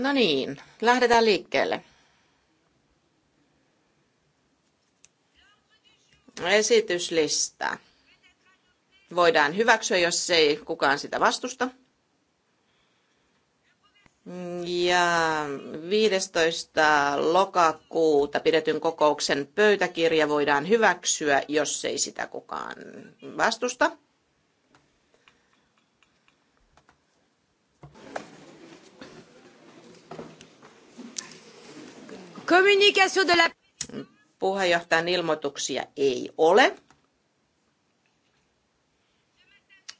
No niin, lähdetään liikkeelle. Esityslista. Voidaan hyväksyä, jos ei kukaan sitä vastusta. Ja 15. lokakuuta pidetyn kokouksen pöytäkirja voidaan hyväksyä, jos ei sitä kukaan vastusta. Puheenjohtajan ilmoituksia ei ole.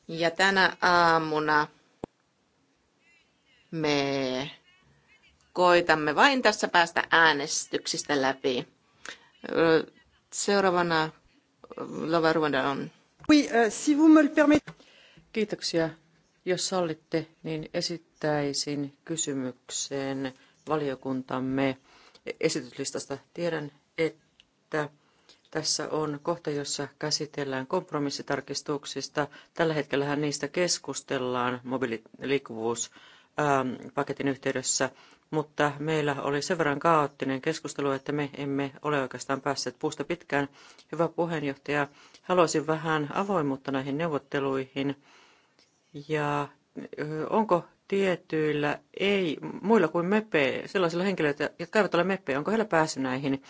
Ja tänä aamuna me koitamme vain tässä päästä äänestyksistä läpi. Seuraavana Lava Ruanda on. Oui, euh, si vous me Kiitoksia. Jos sallitte, niin esittäisin kysymyksen valiokuntamme esityslistasta. Tiedän, että tässä on kohta, jossa käsitellään kompromissitarkistuksista. Tällä hetkellä niistä keskustellaan mobiililiikkuvuuspaketin yhteydessä, mutta meillä oli sen verran kaoottinen keskustelu, että me emme ole oikeastaan päässeet puusta pitkään. Hyvä puheenjohtaja, haluaisin vähän avoimuutta näihin neuvotteluihin ja onko tietyillä ei, muilla kuin mepe, sellaisilla henkilöillä, jotka eivät ole mepe, onko heillä pääsy näihin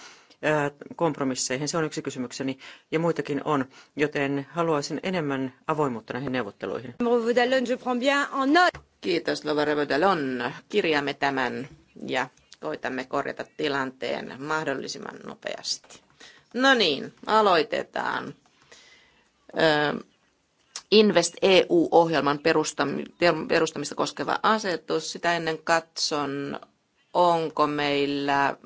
kompromisseihin? Se on yksi kysymykseni ja muitakin on, joten haluaisin enemmän avoimuutta näihin neuvotteluihin. Kiitos Lovere Vödelon. Kirjaamme tämän ja koitamme korjata tilanteen mahdollisimman nopeasti. No niin, aloitetaan. Öö, Invest EU-ohjelman perustamista koskeva asetus. Sitä ennen katson, onko meillä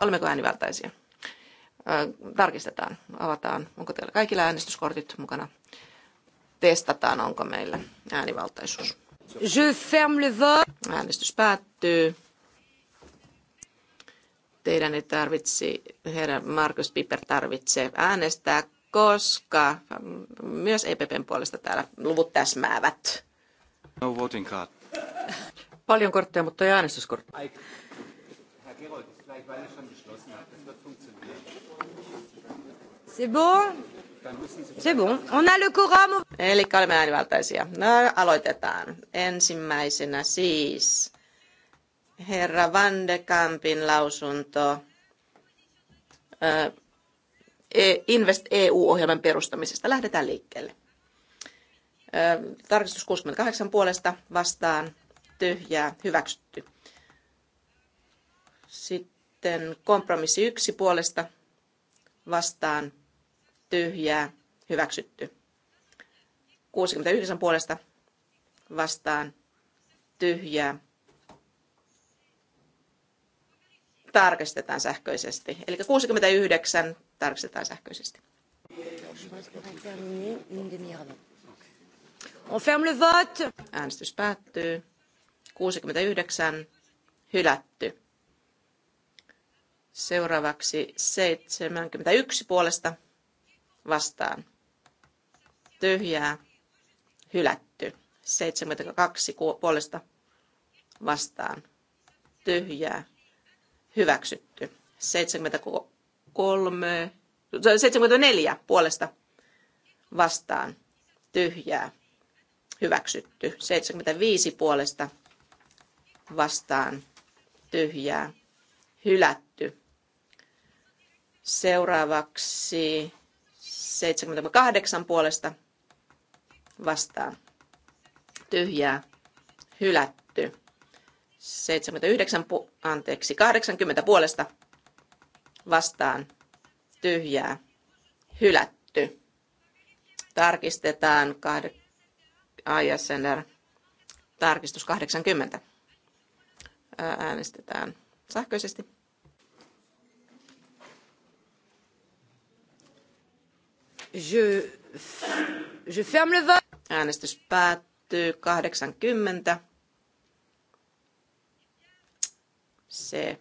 Olemmeko äänivaltaisia? Tarkistetaan, avataan, onko teillä kaikilla äänestyskortit mukana. Testataan, onko meillä äänivaltaisuus. Je ferme le vote. Äänestys päättyy teidän ei tarvitse, herra Markus Piper tarvitsee äänestää, koska myös EPPn puolesta täällä luvut täsmäävät. No voting card. Paljon kortteja, mutta ei äänestyskortteja. C'est bon? C'est bon. On a le courant. Eli olemme äänivaltaisia. No, aloitetaan. Ensimmäisenä siis herra Van de Kampin lausunto e, Invest EU-ohjelman perustamisesta. Lähdetään liikkeelle. Tarkistus 68 puolesta vastaan tyhjää hyväksytty. Sitten kompromissi 1 puolesta vastaan tyhjää hyväksytty. 69 puolesta vastaan tyhjää tarkistetaan sähköisesti. Eli 69 tarkistetaan sähköisesti. On ferme le vote. Äänestys päättyy. 69 hylätty. Seuraavaksi 71 puolesta vastaan. Tyhjää hylätty. 72 puolesta vastaan. Tyhjää hyväksytty. 73, 74 puolesta vastaan tyhjää hyväksytty. 75 puolesta vastaan tyhjää hylätty. Seuraavaksi 78 puolesta vastaan tyhjää hylätty. 79, pu- anteeksi, 80 puolesta vastaan tyhjää hylätty. Tarkistetaan kahde- ISNR tarkistus 80. Äänestetään sähköisesti. Je, je ferme le Äänestys päättyy 80 Se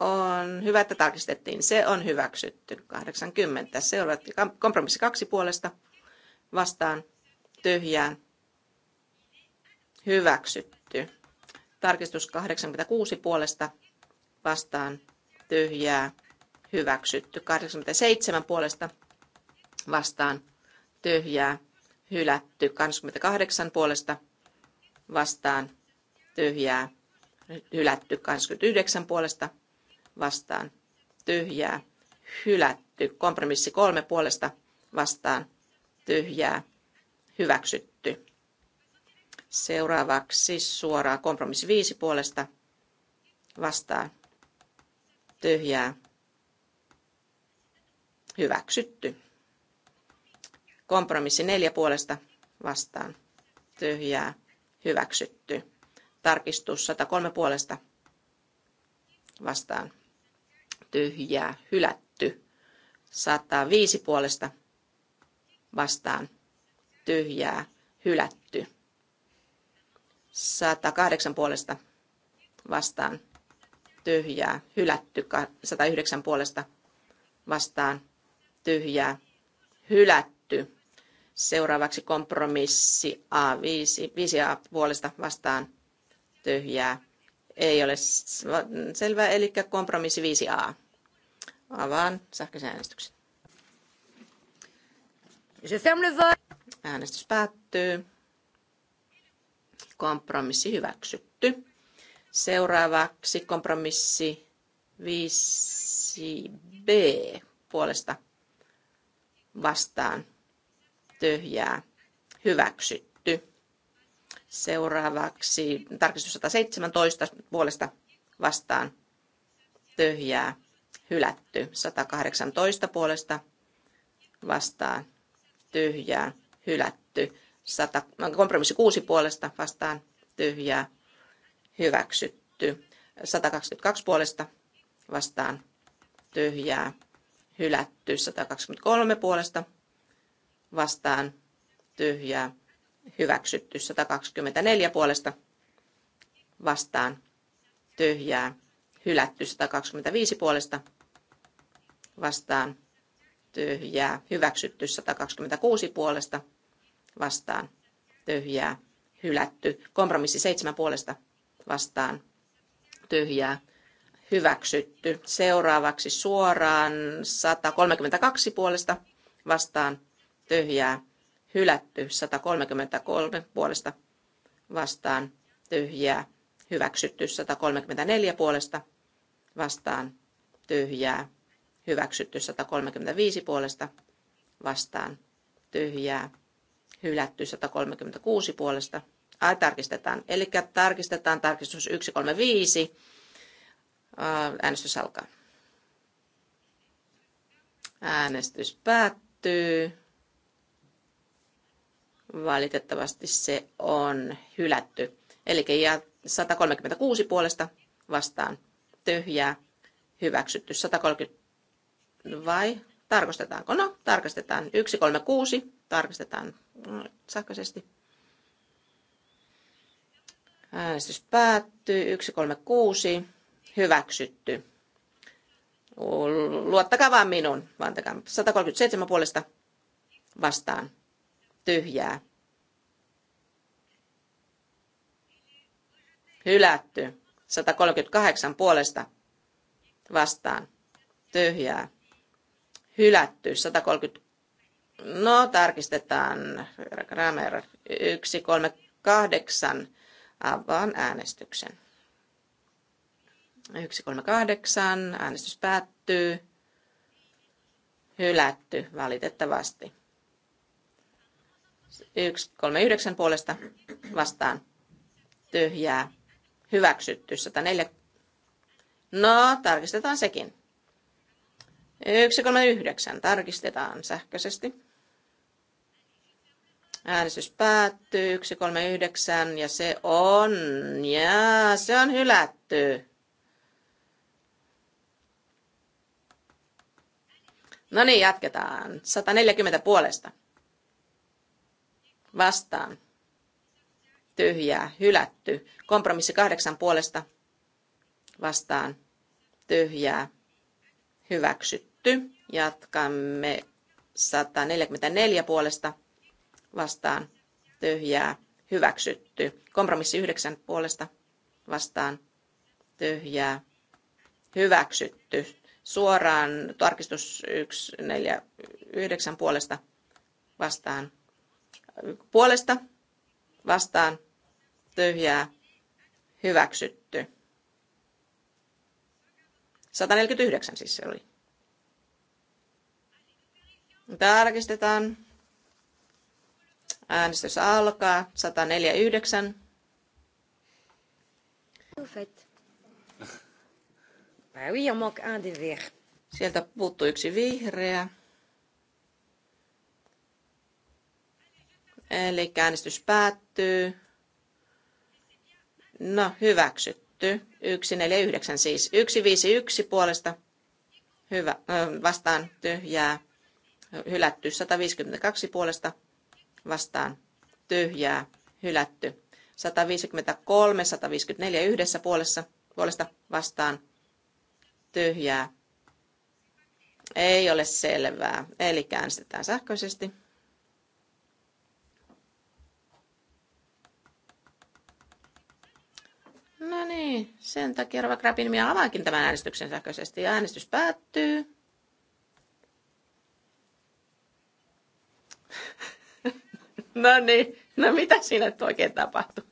on hyvä, että tarkistettiin. Se on hyväksytty. 80. on kompromissi kaksi puolesta vastaan tyhjään. Hyväksytty. Tarkistus 86 puolesta vastaan tyhjää. Hyväksytty. 87 puolesta vastaan tyhjää. Hylätty. 28 puolesta vastaan tyhjää hylätty 29 puolesta vastaan tyhjää, hylätty. Kompromissi kolme puolesta vastaan tyhjää, hyväksytty. Seuraavaksi suoraan kompromissi viisi puolesta vastaan tyhjää, hyväksytty. Kompromissi neljä puolesta vastaan tyhjää, hyväksytty. Tarkistus 103 puolesta vastaan tyhjää, hylätty. 105 puolesta vastaan tyhjää, hylätty. 108 puolesta vastaan tyhjää, hylätty. 109 puolesta vastaan tyhjää, hylätty. Seuraavaksi kompromissi A5, 5A puolesta vastaan tyhjää. Ei ole selvää, eli kompromissi 5a. Avaan sähköisen äänestyksen. Äänestys päättyy. Kompromissi hyväksytty. Seuraavaksi kompromissi 5b puolesta vastaan tyhjää hyväksytty. Seuraavaksi tarkistus 117 puolesta vastaan tyhjää hylätty. 118 puolesta vastaan tyhjää hylätty. 100, no, kompromissi 6 puolesta vastaan tyhjää hyväksytty. 122 puolesta vastaan tyhjää hylätty. 123 puolesta vastaan tyhjää hyväksytty 124 puolesta vastaan tyhjää hylätty 125 puolesta vastaan tyhjää hyväksytty 126 puolesta vastaan tyhjää hylätty kompromissi 7 puolesta vastaan tyhjää hyväksytty. Seuraavaksi suoraan 132 puolesta vastaan tyhjää hylätty 133 puolesta vastaan tyhjää, hyväksytty 134 puolesta vastaan tyhjää, hyväksytty 135 puolesta vastaan tyhjää, hylätty 136 puolesta. Ai, tarkistetaan. Eli tarkistetaan tarkistus 135. Äänestys alkaa. Äänestys päättyy. Valitettavasti se on hylätty. Eli 136 puolesta vastaan tyhjää hyväksytty. 130 vai tarkastetaanko? No, tarkastetaan. 136 tarkastetaan sähköisesti. Äänestys päättyy. 136 hyväksytty. Luottakaa vaan minun. Vantakaa. 137 puolesta vastaan tyhjää. Hylätty. 138 puolesta vastaan. Tyhjää. Hylätty. 130. No, tarkistetaan. Grammar 138. Avaan äänestyksen. 138. Äänestys päättyy. Hylätty valitettavasti. 139 puolesta vastaan tyhjää hyväksytty. 104. No, tarkistetaan sekin. 139 tarkistetaan sähköisesti. Äänestys päättyy 139 ja se on, ja se on hylätty. No niin, jatketaan. 140 puolesta vastaan tyhjää, hylätty. Kompromissi kahdeksan puolesta vastaan tyhjää, hyväksytty. Jatkamme 144 puolesta vastaan tyhjää, hyväksytty. Kompromissi yhdeksän puolesta vastaan tyhjää, hyväksytty. Suoraan tarkistus 149 puolesta vastaan puolesta vastaan tyhjää hyväksytty. 149 siis se oli. Tarkistetaan. Äänestys alkaa. 149. Sieltä puuttuu yksi vihreä. Eli äänestys päättyy. No, hyväksytty. 149 siis. 151 puolesta. Hyvä. Vastaan tyhjää. Hylätty. 152 puolesta. Vastaan tyhjää. Hylätty. 153, 154 yhdessä puolessa, puolesta vastaan tyhjää. Ei ole selvää. Eli käännistetään sähköisesti. niin, sen takia Rova Krabin minä avaakin tämän äänestyksen sähköisesti ja äänestys päättyy. No niin, no mitä siinä nyt oikein tapahtui?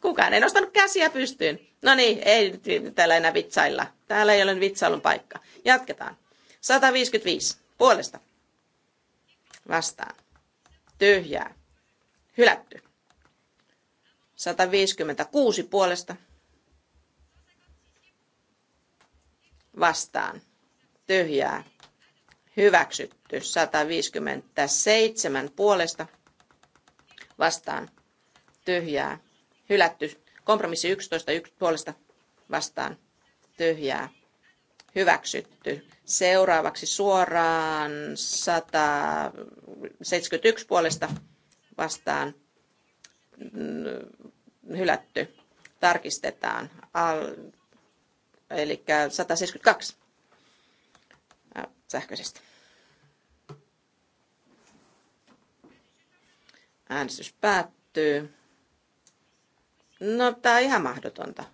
Kukaan ei nostanut käsiä pystyyn. No niin, ei nyt täällä enää vitsailla. Täällä ei ole vitsailun paikka. Jatketaan. 155. Puolesta. Vastaan. Tyhjää. Hylätty. 156 puolesta vastaan. Tyhjää. Hyväksytty. 157 puolesta vastaan. Tyhjää. Hylätty. Kompromissi 11 yksi puolesta vastaan. Tyhjää. Hyväksytty. Seuraavaksi suoraan 171 puolesta vastaan Mm, hylätty. Tarkistetaan. Al, eli 172 sähköisesti. Äänestys päättyy. No, tämä on ihan mahdotonta.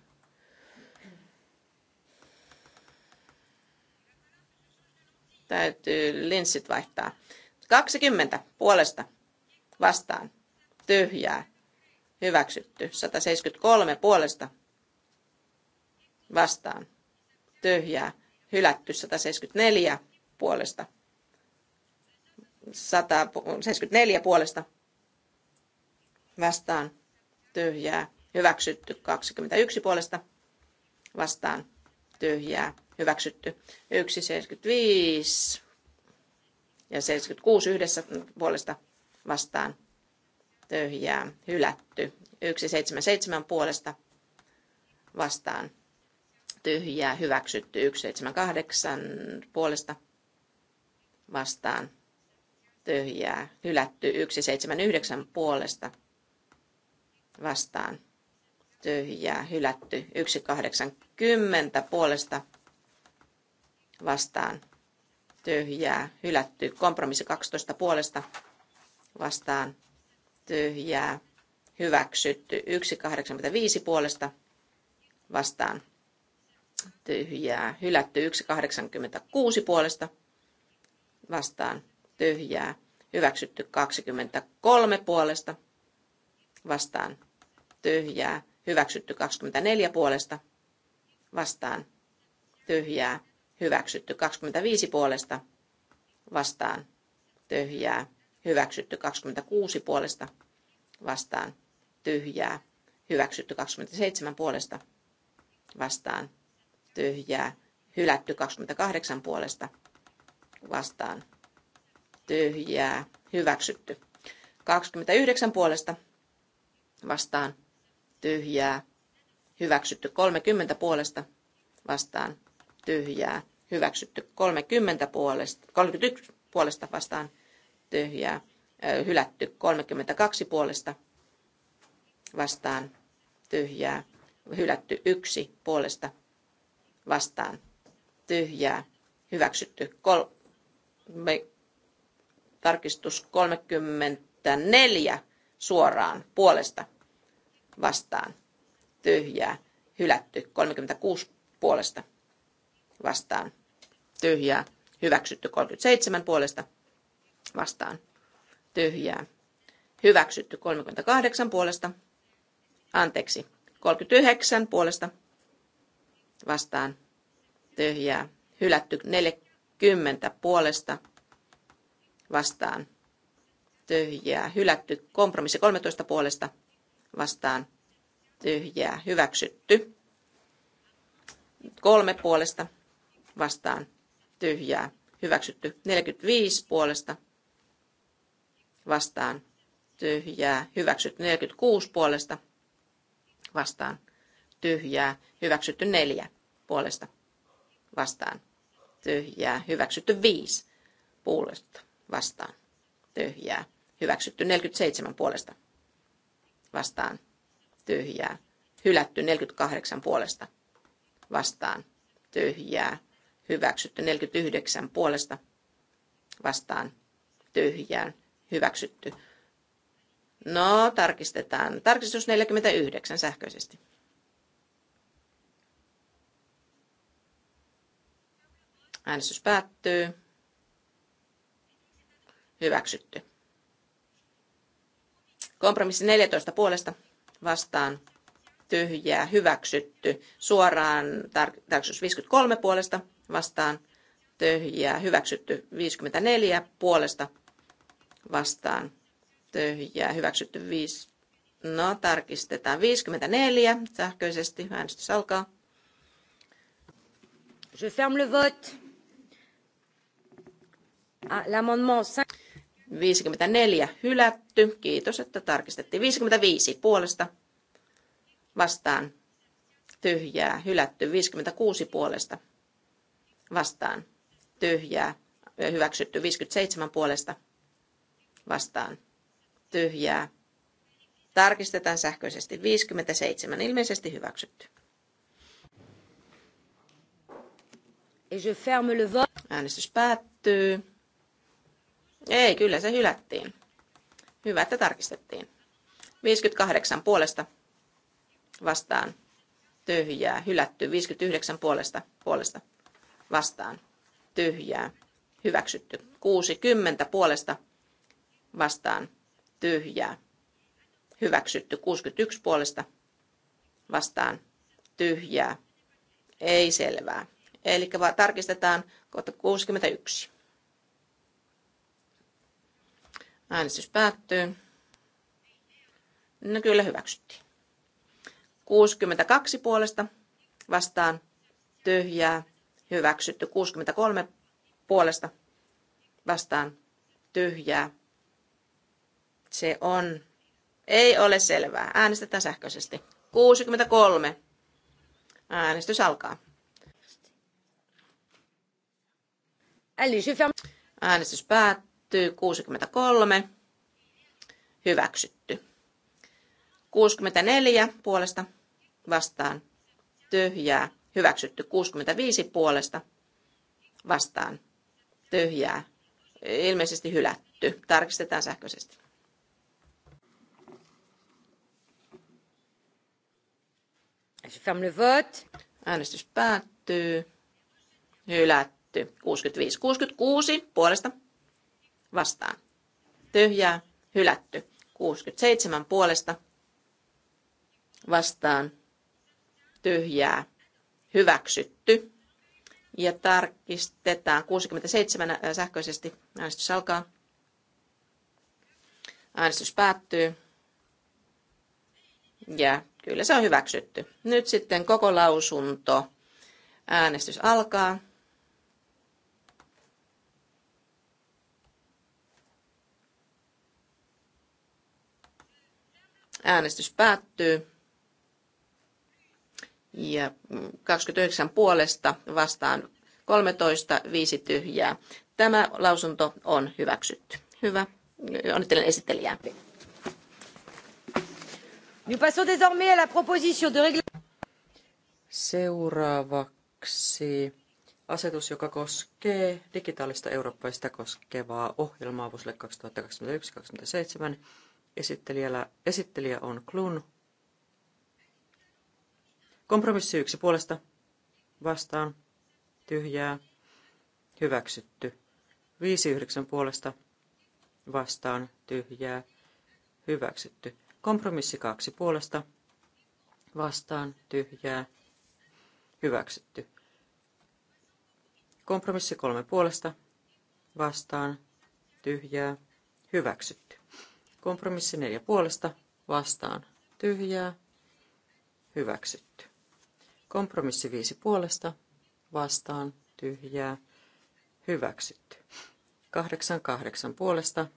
Täytyy linssit vaihtaa. 20 puolesta vastaan. Tyhjää. Hyväksytty. 173 puolesta. Vastaan. Tyhjää. Hylätty. 174 puolesta. 174 puolesta. Vastaan. Tyhjää. Hyväksytty. 21 puolesta. Vastaan. Tyhjää. Hyväksytty. 175 ja 76 yhdessä puolesta vastaan tyhjää hylätty. 177 puolesta vastaan tyhjää hyväksytty. 178 puolesta vastaan tyhjää hylätty. 179 puolesta vastaan tyhjää hylätty. 180 puolesta vastaan tyhjää hylätty. Kompromissi 12 puolesta vastaan tyhjää, hyväksytty. 1,85 puolesta vastaan tyhjää, hylätty. 1,86 puolesta vastaan tyhjää, hyväksytty. 23 puolesta vastaan tyhjää, hyväksytty. 24 puolesta vastaan tyhjää, hyväksytty. 25 puolesta vastaan tyhjää, hyväksytty 26 puolesta vastaan tyhjää, hyväksytty 27 puolesta vastaan tyhjää, hylätty 28 puolesta vastaan tyhjää, hyväksytty 29 puolesta vastaan tyhjää, hyväksytty 30 puolesta vastaan tyhjää, hyväksytty 30 puolesta, 31 puolesta vastaan tyhjää hylätty. 32 puolesta vastaan tyhjää hylätty. yksi puolesta vastaan tyhjää hyväksytty. Kol- me- tarkistus 34 suoraan puolesta vastaan tyhjää hylätty. 36 puolesta vastaan tyhjää hyväksytty. 37 puolesta vastaan tyhjää. Hyväksytty 38 puolesta. Anteeksi, 39 puolesta vastaan tyhjää. Hylätty 40 puolesta vastaan tyhjää. Hylätty kompromissi 13 puolesta vastaan tyhjää. Hyväksytty kolme puolesta vastaan tyhjää. Hyväksytty 45 puolesta vastaan tyhjää, hyväksytty 46 puolesta vastaan tyhjää, hyväksytty 4 puolesta vastaan tyhjää, hyväksytty 5 puolesta vastaan tyhjää, hyväksytty 47 puolesta vastaan tyhjää, hylätty 48 puolesta vastaan tyhjää, hyväksytty 49 puolesta vastaan tyhjää, Hyväksytty. No, tarkistetaan. Tarkistus 49 sähköisesti. Äänestys päättyy. Hyväksytty. Kompromissi 14 puolesta vastaan tyhjää hyväksytty. Suoraan tarkistus 53 puolesta vastaan tyhjää hyväksytty. 54 puolesta vastaan tyhjää hyväksytty 5. No, tarkistetaan 54 sähköisesti. Äänestys alkaa. Je ferme le vote. Ah, l'amendement 54 hylätty. Kiitos, että tarkistettiin. 55 puolesta vastaan tyhjää hylätty. 56 puolesta vastaan tyhjää hyväksytty. 57 puolesta vastaan tyhjää. Tarkistetaan sähköisesti 57, ilmeisesti hyväksytty. Et je ferme le vote. Äänestys päättyy. Ei, kyllä se hylättiin. Hyvä, että tarkistettiin. 58 puolesta vastaan tyhjää, hylätty 59 puolesta, puolesta vastaan, tyhjää, hyväksytty 60 puolesta vastaan tyhjää. Hyväksytty 61 puolesta vastaan tyhjää. Ei selvää. Eli tarkistetaan kohta 61. Äänestys päättyy. No kyllä hyväksyttiin. 62 puolesta vastaan tyhjää. Hyväksytty 63 puolesta vastaan tyhjää se on, ei ole selvää. Äänestetään sähköisesti. 63. Äänestys alkaa. Äänestys päättyy 63. Hyväksytty. 64 puolesta vastaan tyhjää. Hyväksytty 65 puolesta vastaan tyhjää. Ilmeisesti hylätty. Tarkistetaan sähköisesti. Je ferme le vote. Äänestys päättyy. Hylätty. 65. 66 puolesta. Vastaan. Tyhjää. Hylätty. 67 puolesta. Vastaan. Tyhjää. Hyväksytty. Ja tarkistetaan 67 äh, sähköisesti. Äänestys alkaa. Äänestys päättyy. Ja Kyllä se on hyväksytty. Nyt sitten koko lausunto. Äänestys alkaa. Äänestys päättyy. Ja 29 puolesta vastaan 13, 5 tyhjää. Tämä lausunto on hyväksytty. Hyvä. Onnittelen esittelijää. Nous passons désormais à la proposition de règlement. Seuraavaksi asetus, joka koskee digitaalista eurooppaista koskevaa ohjelmaa vuosille 2021-2027. Esittelijällä, esittelijä on Klun. Kompromissi yksi puolesta. Vastaan. Tyhjää. Hyväksytty. 5-9 puolesta. Vastaan. Tyhjää. Hyväksytty. Kompromissi kaksi puolesta vastaan tyhjää hyväksytty. Kompromissi kolme puolesta vastaan tyhjää hyväksytty. Kompromissi neljä puolesta vastaan tyhjää hyväksytty. Kompromissi viisi puolesta vastaan tyhjää hyväksytty. Kahdeksan kahdeksan puolesta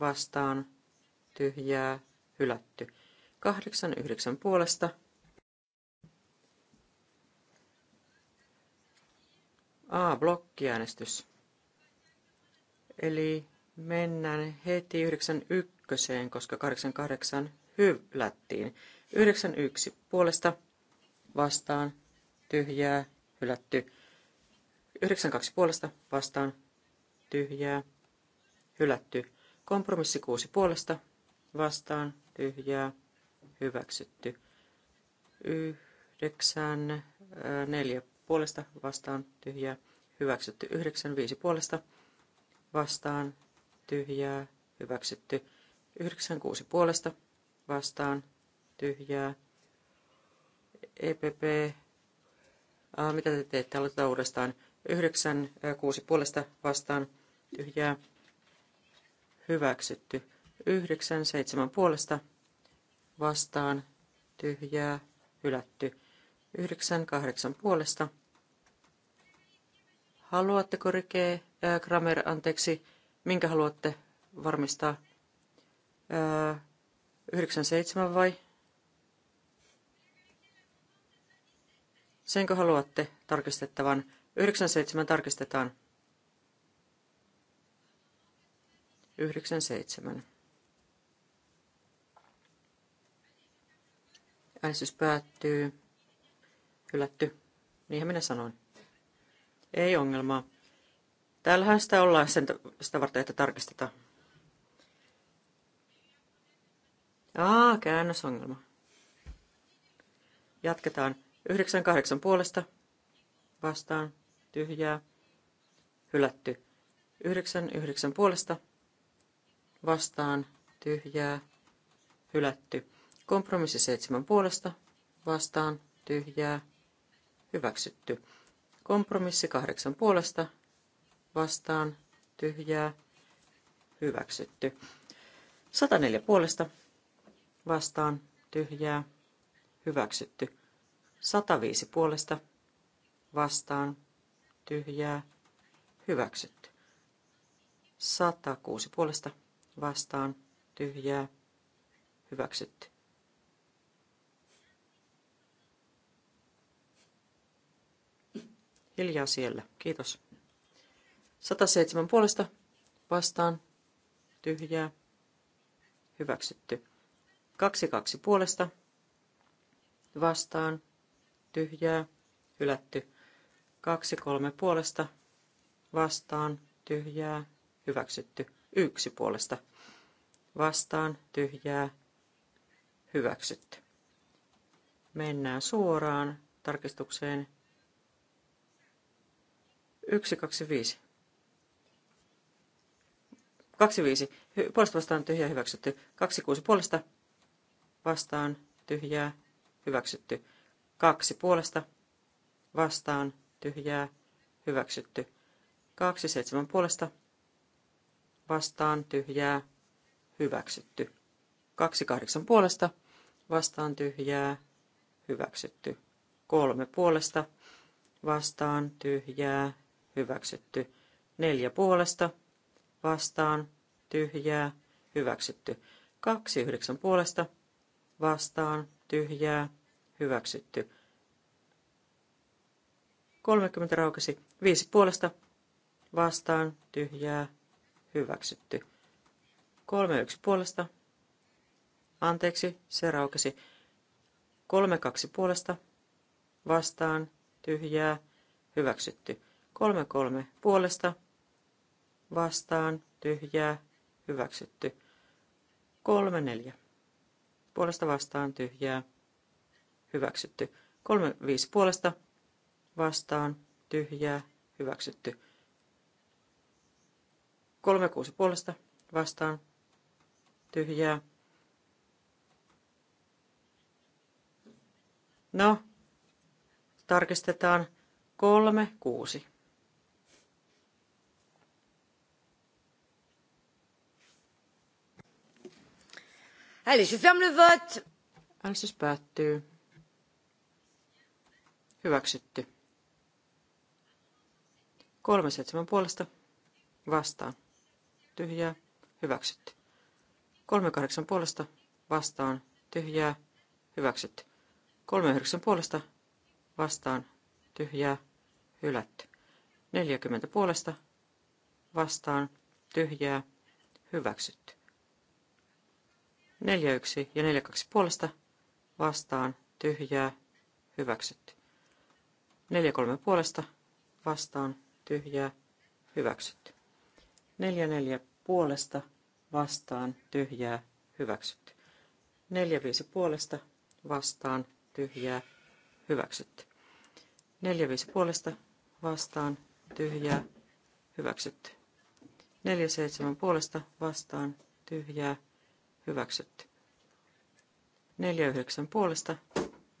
vastaan tyhjää hylätty. 89 puolesta A, blokkiäänestys. Eli mennään heti 91, koska 88 hylättiin. 91 puolesta vastaan tyhjää, hylätty. 92 puolesta vastaan tyhjää, hylätty. Kompromissi 6 puolesta vastaan tyhjää hyväksytty. Yhdeksän neljä puolesta vastaan tyhjää hyväksytty. Yhdeksän viisi puolesta vastaan tyhjää hyväksytty. Yhdeksän kuusi puolesta vastaan tyhjää. EPP, äh, mitä te teette? Aloitetaan uudestaan. yhdeksän kuusi puolesta vastaan tyhjää hyväksytty. yhdeksän seitsemän puolesta vastaan tyhjää hylätty. 98 puolesta. Haluatteko rikee, äh, Kramer, anteeksi, minkä haluatte varmistaa? Äh, 97 vai? Senkö haluatte tarkistettavan? 97 tarkistetaan. 97. Äänestys päättyy. Hylätty. Niinhän minä sanoin. Ei ongelmaa. Täällähän sitä ollaan sen, sitä varten, että tarkistetaan. Aa, käännösongelma. Jatketaan. 98 puolesta vastaan tyhjää hylätty. 99 puolesta vastaan tyhjää hylätty. Kompromissi seitsemän puolesta vastaan tyhjää hyväksytty. Kompromissi kahdeksan puolesta vastaan tyhjää hyväksytty. 104 puolesta vastaan tyhjää hyväksytty. 105 puolesta vastaan tyhjää hyväksytty. 106 puolesta vastaan tyhjää hyväksytty. Hiljaa siellä. Kiitos. 107 puolesta vastaan. Tyhjää. Hyväksytty. 22 puolesta vastaan. Tyhjää. Hylätty. 23 puolesta vastaan. Tyhjää. Hyväksytty. 1 puolesta vastaan. Tyhjää. Hyväksytty. Mennään suoraan tarkistukseen 1, 2, 5. 2, 5. Puolesta vastaan tyhjää hyväksytty. 2, 6. Puolesta vastaan tyhjää hyväksytty. 2. Puolesta vastaan tyhjää hyväksytty. 2, 7. Puolesta vastaan tyhjää hyväksytty. 2, 8. Puolesta vastaan tyhjää hyväksytty. 3. Puolesta vastaan tyhjää hyväksytty. Neljä puolesta, vastaan, tyhjää, hyväksytty. Kaksi yhdeksän puolesta, vastaan, tyhjää, hyväksytty. 30 raukesi, viisi puolesta, vastaan, tyhjää, hyväksytty. Kolme yksi puolesta, anteeksi, se raukesi. Kolme kaksi puolesta, vastaan, tyhjää, hyväksytty. Kolme kolme puolesta vastaan tyhjää hyväksytty. Kolme neljä puolesta vastaan tyhjää hyväksytty. Kolme viisi puolesta vastaan tyhjää hyväksytty. Kolme kuusi puolesta vastaan tyhjää. No, tarkistetaan kolme kuusi. Allez, je ferme le vote. Äänestys päättyy. Hyväksytty. 37 puolesta vastaan. Tyhjää. Hyväksytty. 38 puolesta vastaan. Tyhjää. Hyväksytty. 39 puolesta vastaan. Tyhjää. Hylätty. 40 puolesta vastaan. Tyhjää. Hyväksytty. 41 ja 42 puolesta vastaan tyhjää hyväksytty. 43 puolesta vastaan tyhjää hyväksytty. 44 puolesta vastaan tyhjää hyväksytty. 45 puolesta vastaan tyhjää hyväksytty. 45 puolesta vastaan tyhjää hyväksytty. 47 puolesta vastaan tyhjää hyväksytty hyväksytty. 49 puolesta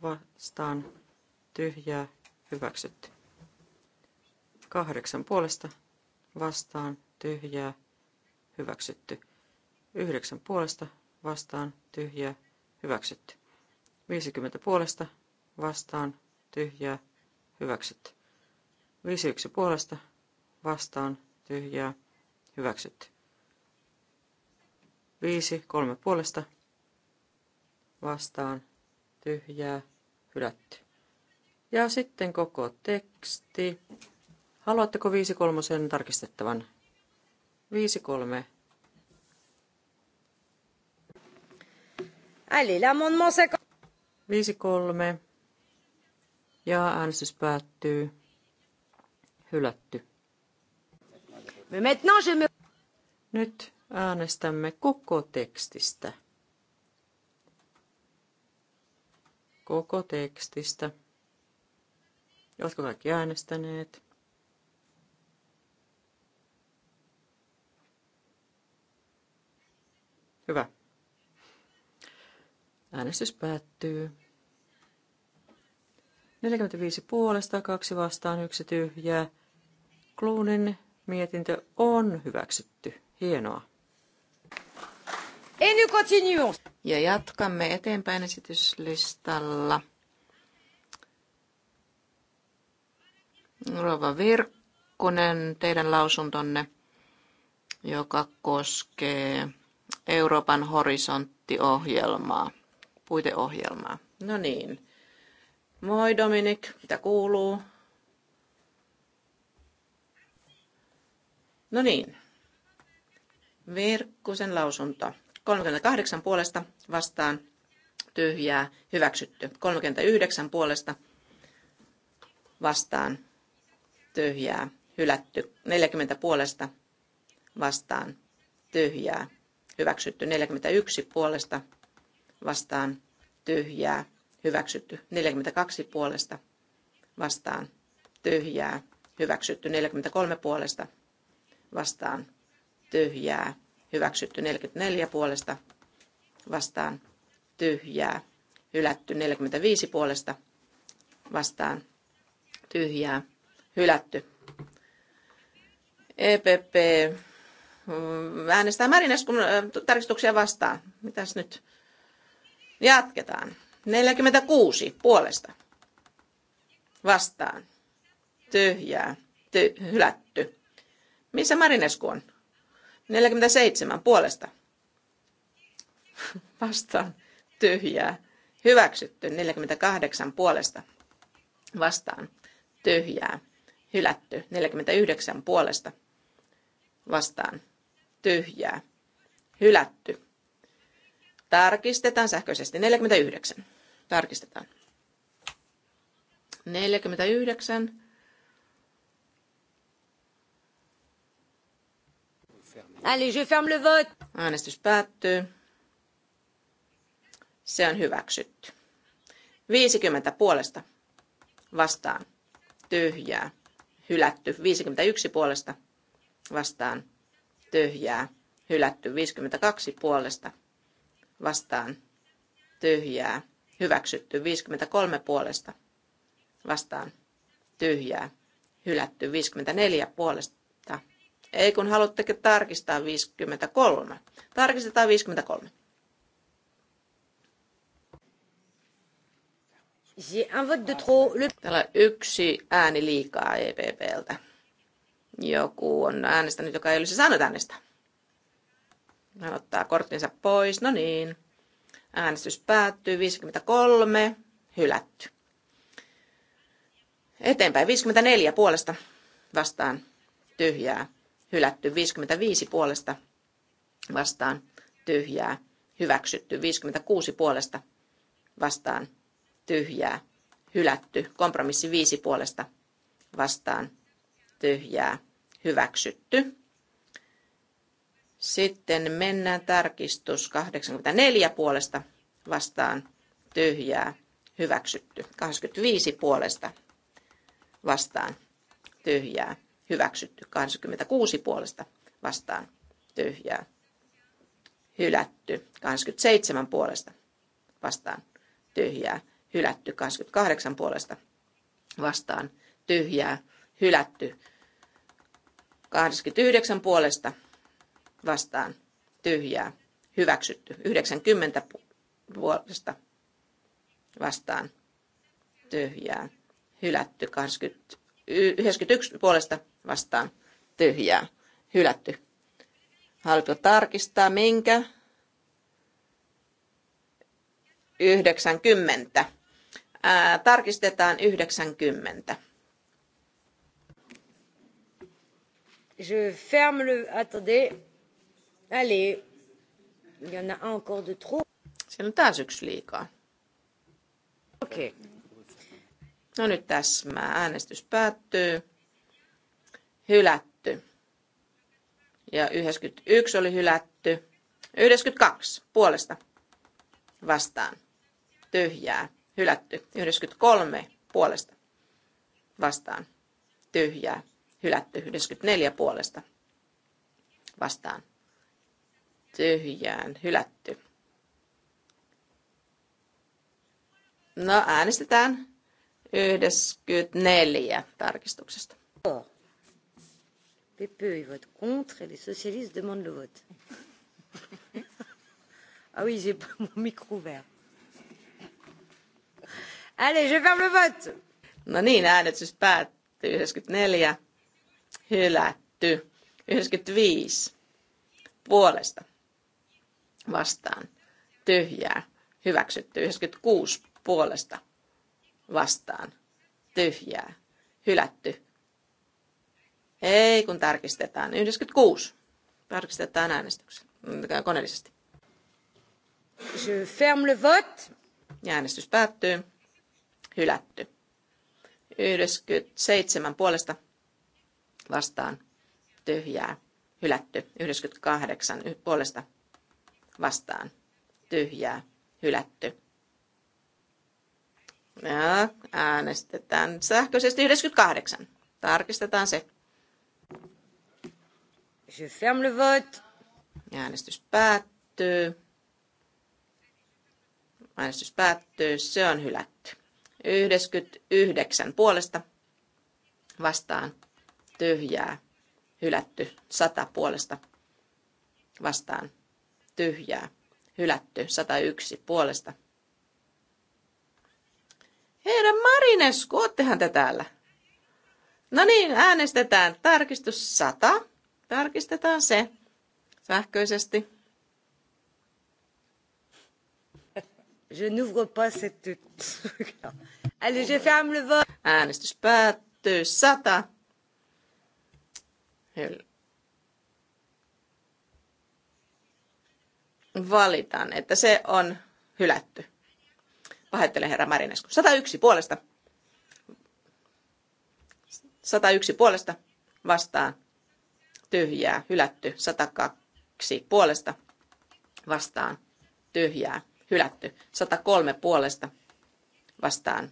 vastaan tyhjää hyväksytty. 8 puolesta vastaan tyhjää hyväksytty. 9 puolesta vastaan tyhjää hyväksytty. 50 puolesta vastaan tyhjää hyväksytty. 51 puolesta vastaan tyhjää hyväksytty. 5, 3 puolesta vastaan tyhjää hylätty. Ja sitten koko teksti. Haluatteko 5 3 sen tarkistettavan? 5 3. Allez, moseko. 5 3. Ja äänestys päättyy. Hylätty. Me Nyt Äänestämme koko tekstistä. Koko tekstistä. Oletko kaikki äänestäneet? Hyvä. Äänestys päättyy. 45 puolesta, kaksi vastaan, yksi tyhjää. Kluunin mietintö on hyväksytty. Hienoa. Ja jatkamme eteenpäin esityslistalla. Rova Virkkunen, teidän lausuntonne, joka koskee Euroopan horisonttiohjelmaa, puiteohjelmaa. No niin. Moi Dominik, mitä kuuluu? No niin. Virkkusen lausunto. 38 puolesta vastaan tyhjää hyväksytty. 39 puolesta vastaan tyhjää hylätty. 40 puolesta vastaan tyhjää hyväksytty. 41 puolesta vastaan tyhjää hyväksytty. 42 puolesta vastaan tyhjää hyväksytty. 43 puolesta vastaan tyhjää hyväksytty 44 puolesta vastaan tyhjää, hylätty 45 puolesta vastaan tyhjää, hylätty. EPP mm, äänestää Marineskun äh, tarkistuksia vastaan. Mitäs nyt? Jatketaan. 46 puolesta vastaan. Tyhjää. Ty- hylätty. Missä Marinesku on? 47 puolesta. Vastaan tyhjää. Hyväksytty 48 puolesta. Vastaan tyhjää. Hylätty 49 puolesta. Vastaan tyhjää. Hylätty. Tarkistetaan sähköisesti 49. Tarkistetaan. 49 Allez, je ferme le vote. Äänestys päättyy. Se on hyväksytty. 50 puolesta vastaan. Tyhjää. Hylätty. 51 puolesta vastaan. Tyhjää. Hylätty. 52 puolesta vastaan. Tyhjää. Hyväksytty. 53 puolesta vastaan. Tyhjää. Hylätty. 54 puolesta ei kun haluatteko tarkistaa 53. Tarkistetaan 53. Un vote de trop. Le... Täällä yksi ääni liikaa EPPltä. Joku on äänestänyt, joka ei olisi saanut äänestää. Hän ottaa korttinsa pois. No niin. Äänestys päättyy. 53. Hylätty. Eteenpäin. 54 puolesta vastaan tyhjää hylätty 55 puolesta vastaan tyhjää, hyväksytty 56 puolesta vastaan tyhjää, hylätty kompromissi 5 puolesta vastaan tyhjää, hyväksytty. Sitten mennään tarkistus 84 puolesta vastaan tyhjää, hyväksytty. 25 puolesta vastaan tyhjää, hyväksytty. 26 puolesta vastaan tyhjää hylätty. 27 puolesta vastaan tyhjää hylätty. 28 puolesta vastaan tyhjää hylätty. 29 puolesta vastaan tyhjää hyväksytty. 90 puolesta vastaan tyhjää hylätty. 20, 91 puolesta vastaan tyhjää hylätty. Haluatko tarkistaa minkä? 90. Ää, tarkistetaan 90. Je ferme le... Attendez. Allez. Il y en a encore de trop. Siellä on taas yksi liikaa. Okei. Okay. No nyt täsmää. Äänestys päättyy hylätty. Ja 91 oli hylätty. 92 puolesta vastaan. Tyhjää. Hylätty. 93 puolesta vastaan. Tyhjää. Hylätty. 94 puolesta vastaan. Tyhjään. Hylätty. No äänestetään 94 tarkistuksesta. Oh. PPE, ils votent contre et les socialistes demandent le vote. ah oui, j'ai pas mon micro ouvert. Allez, je ferme le vote. No niin, äänestys päättyy. 94 hylätty. 95 puolesta vastaan tyhjää hyväksytty. 96 puolesta vastaan tyhjää hylätty. Ei, kun tarkistetaan. 96. Tarkistetaan äänestyksen koneellisesti. Je ferme le vote. Ja äänestys päättyy. Hylätty. 97 puolesta vastaan tyhjää. Hylätty. 98 puolesta vastaan tyhjää. Hylätty. Ja äänestetään sähköisesti 98. Tarkistetaan se. Je ferme le vote. Äänestys päättyy. Äänestys päättyy. Se on hylätty. 99 puolesta vastaan tyhjää. Hylätty. 100 puolesta vastaan tyhjää. Hylätty. 101 puolesta. Herra Marines, kuottehan te täällä? No niin, äänestetään. Tarkistus 100 Tarkistetaan se sähköisesti. Je n'ouvre pas cette Allez, je ferme le vote. Äänestys päättyy Sata. Valitaan, että se on hylätty. Pahettele herra Marinesku. 101 puolesta. 101 puolesta vastaan tyhjää, hylätty. 102 puolesta vastaan, tyhjää, hylätty. 103 puolesta vastaan,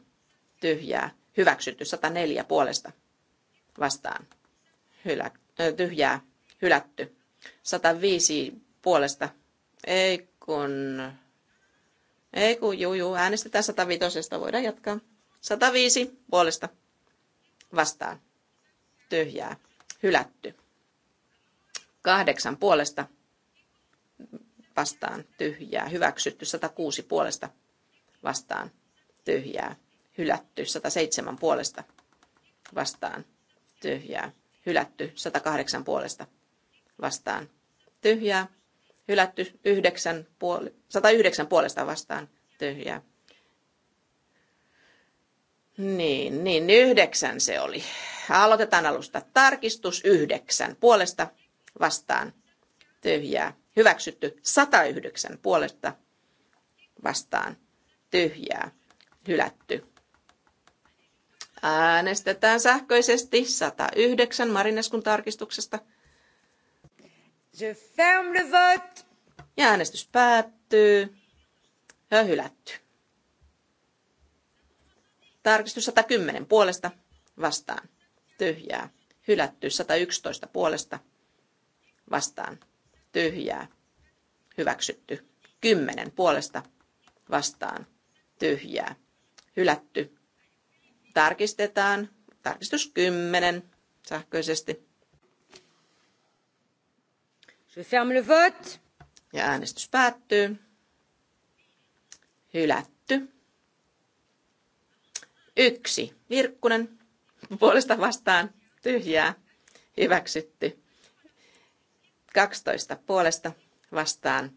tyhjää, hyväksytty. 104 puolesta vastaan, hylä, tyhjää, hylätty. 105 puolesta, ei kun, ei kun, juu, juu, äänestetään 105, voidaan jatkaa. 105 puolesta vastaan, tyhjää, hylätty kahdeksan puolesta vastaan tyhjää, hyväksytty 106 puolesta vastaan tyhjää, hylätty 107 puolesta vastaan tyhjää, hylätty 108 puolesta vastaan tyhjää, hylätty 9 puoli, 109 puolesta vastaan tyhjää. Niin, niin, yhdeksän se oli. Aloitetaan alusta. Tarkistus yhdeksän puolesta vastaan tyhjää. Hyväksytty 109 puolesta vastaan tyhjää. Hylätty. Äänestetään sähköisesti 109 Marineskun tarkistuksesta. Je ferme le vote. Ja äänestys päättyy. Ja hylätty. Tarkistus 110 puolesta vastaan. Tyhjää. Hylätty 111 puolesta vastaan tyhjää hyväksytty. kymmenen puolesta vastaan tyhjää hylätty. Tarkistetaan. Tarkistus kymmenen sähköisesti. Je ferme le vote. Ja äänestys päättyy. Hylätty. Yksi. Virkkunen. Puolesta vastaan. Tyhjää. Hyväksytty. 12 puolesta vastaan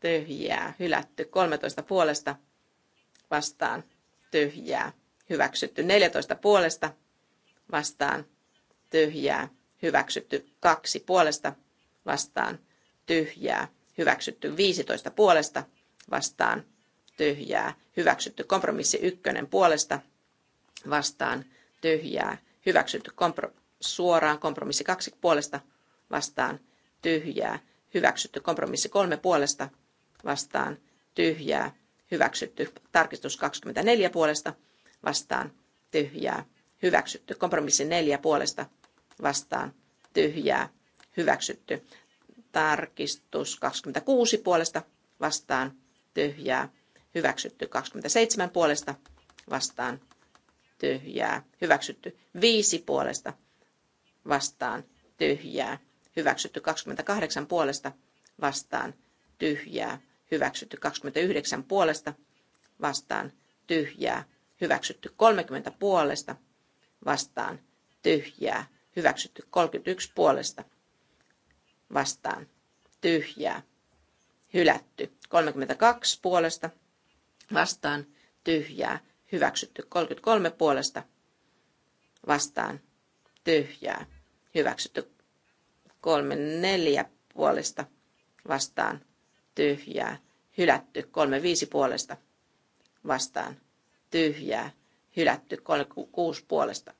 tyhjää, hylätty 13 puolesta vastaan tyhjää, hyväksytty 14 puolesta vastaan tyhjää, hyväksytty 2 puolesta vastaan tyhjää, hyväksytty 15 puolesta vastaan tyhjää, hyväksytty kompromissi 1 puolesta vastaan tyhjää, hyväksytty kompro- suoraan kompromissi 2 puolesta vastaan tyhjää, hyväksytty. Kompromissi kolme puolesta vastaan, tyhjää, hyväksytty. Tarkistus 24 puolesta vastaan, tyhjää, hyväksytty. Kompromissi neljä puolesta vastaan, tyhjää, hyväksytty. Tarkistus 26 puolesta vastaan, tyhjää, hyväksytty. 27 puolesta vastaan, tyhjää, hyväksytty. 5 puolesta vastaan, tyhjää, hyväksytty 28 puolesta vastaan tyhjää, hyväksytty 29 puolesta vastaan tyhjää, hyväksytty 30 puolesta vastaan tyhjää, hyväksytty 31 puolesta vastaan tyhjää, hylätty 32 puolesta vastaan tyhjää, hyväksytty 33 puolesta vastaan tyhjää, hyväksytty Kolme neljä puolesta vastaan tyhjää. Hylätty. Kolme viisi puolesta vastaan tyhjää. Hylätty. Kolme kuusi puolesta.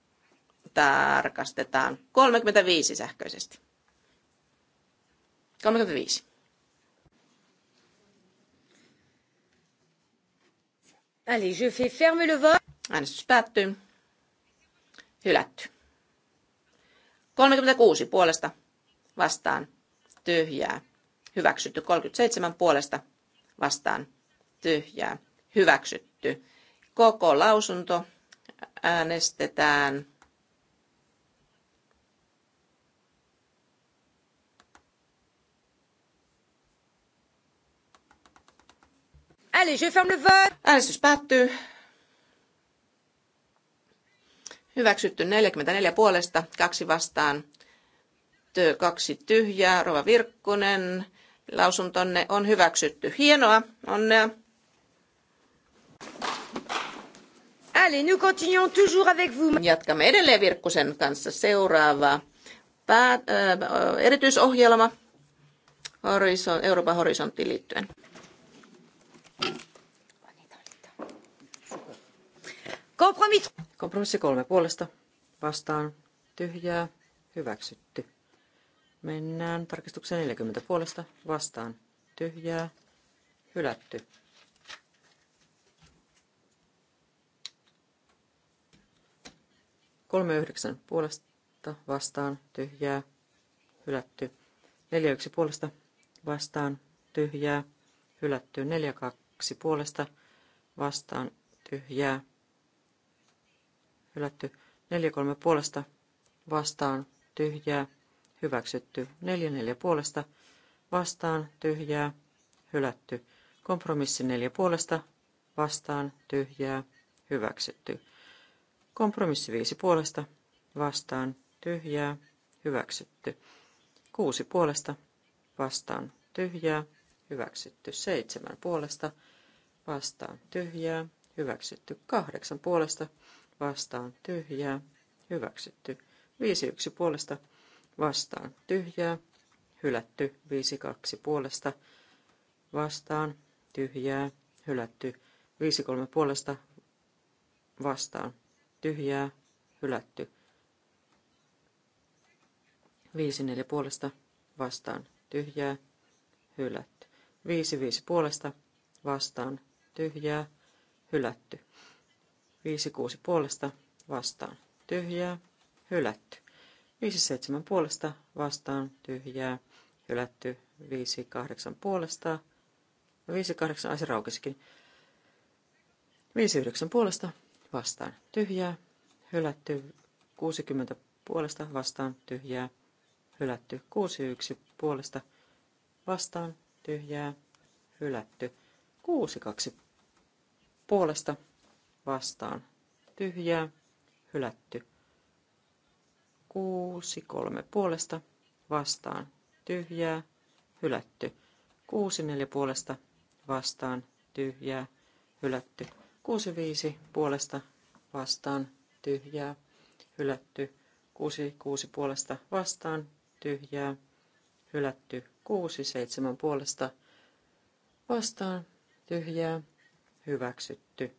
Tarkastetaan 35 sähköisesti. 35. Allez, je fais ferme le vote. Äänestys päättyy. Hylätty. 36 puolesta vastaan tyhjää. Hyväksytty 37 puolesta vastaan tyhjää. Hyväksytty. Koko lausunto äänestetään. Allez, je ferme le vote. Äänestys päättyy. Hyväksytty 44 puolesta, kaksi vastaan, kaksi tyhjää. Rova Virkkunen, lausuntonne on hyväksytty. Hienoa, onnea. Allez, nous continuons toujours avec vous. Jatkamme edelleen Virkkusen kanssa seuraava pää, äh, erityisohjelma horizon, Euroopan horisonttiin liittyen. Kompromissi kolme puolesta vastaan tyhjää hyväksytty. Mennään tarkistukseen 40 puolesta vastaan. Tyhjää. Hylätty. Kolme yhdeksän puolesta vastaan. Tyhjää. Hylätty. Neljä yksi puolesta vastaan. Tyhjää. Hylätty. Neljä kaksi puolesta vastaan. Tyhjää. Hylätty. Neljä kolme puolesta vastaan. Tyhjää hyväksytty. 44 puolesta vastaan tyhjää, hylätty. Kompromissi 4 puolesta vastaan tyhjää, hyväksytty. Kompromissi 5 puolesta vastaan tyhjää, hyväksytty. 6 puolesta vastaan tyhjää, hyväksytty. 7 puolesta vastaan tyhjää, hyväksytty. 8 puolesta vastaan tyhjää, hyväksytty. 5 yksi puolesta vastaan, vastaan tyhjää, hylätty 5-2 puolesta vastaan tyhjää, hylätty 5-3 puolesta vastaan tyhjää, hylätty 5-4 puolesta vastaan tyhjää, hylätty 5-5 puolesta vastaan tyhjää, hylätty 5-6 puolesta vastaan tyhjää, hylätty 5-7 puolesta vastaan tyhjää, hylätty 5-8 puolesta, 5-8 aisi raukesikin, 5-9 puolesta vastaan tyhjää, hylätty 60 puolesta vastaan tyhjää, hylätty 6-1 puolesta vastaan tyhjää, hylätty 6-2 puolesta vastaan tyhjää, hylätty 6, 3 puolesta vastaan tyhjää, hylätty. 6, 4 puolesta vastaan tyhjää, hylätty. 6, 5 puolesta vastaan tyhjää, hylätty. 6, 6 puolesta vastaan tyhjää, hylätty. 6, 7 puolesta vastaan tyhjää, hyväksytty.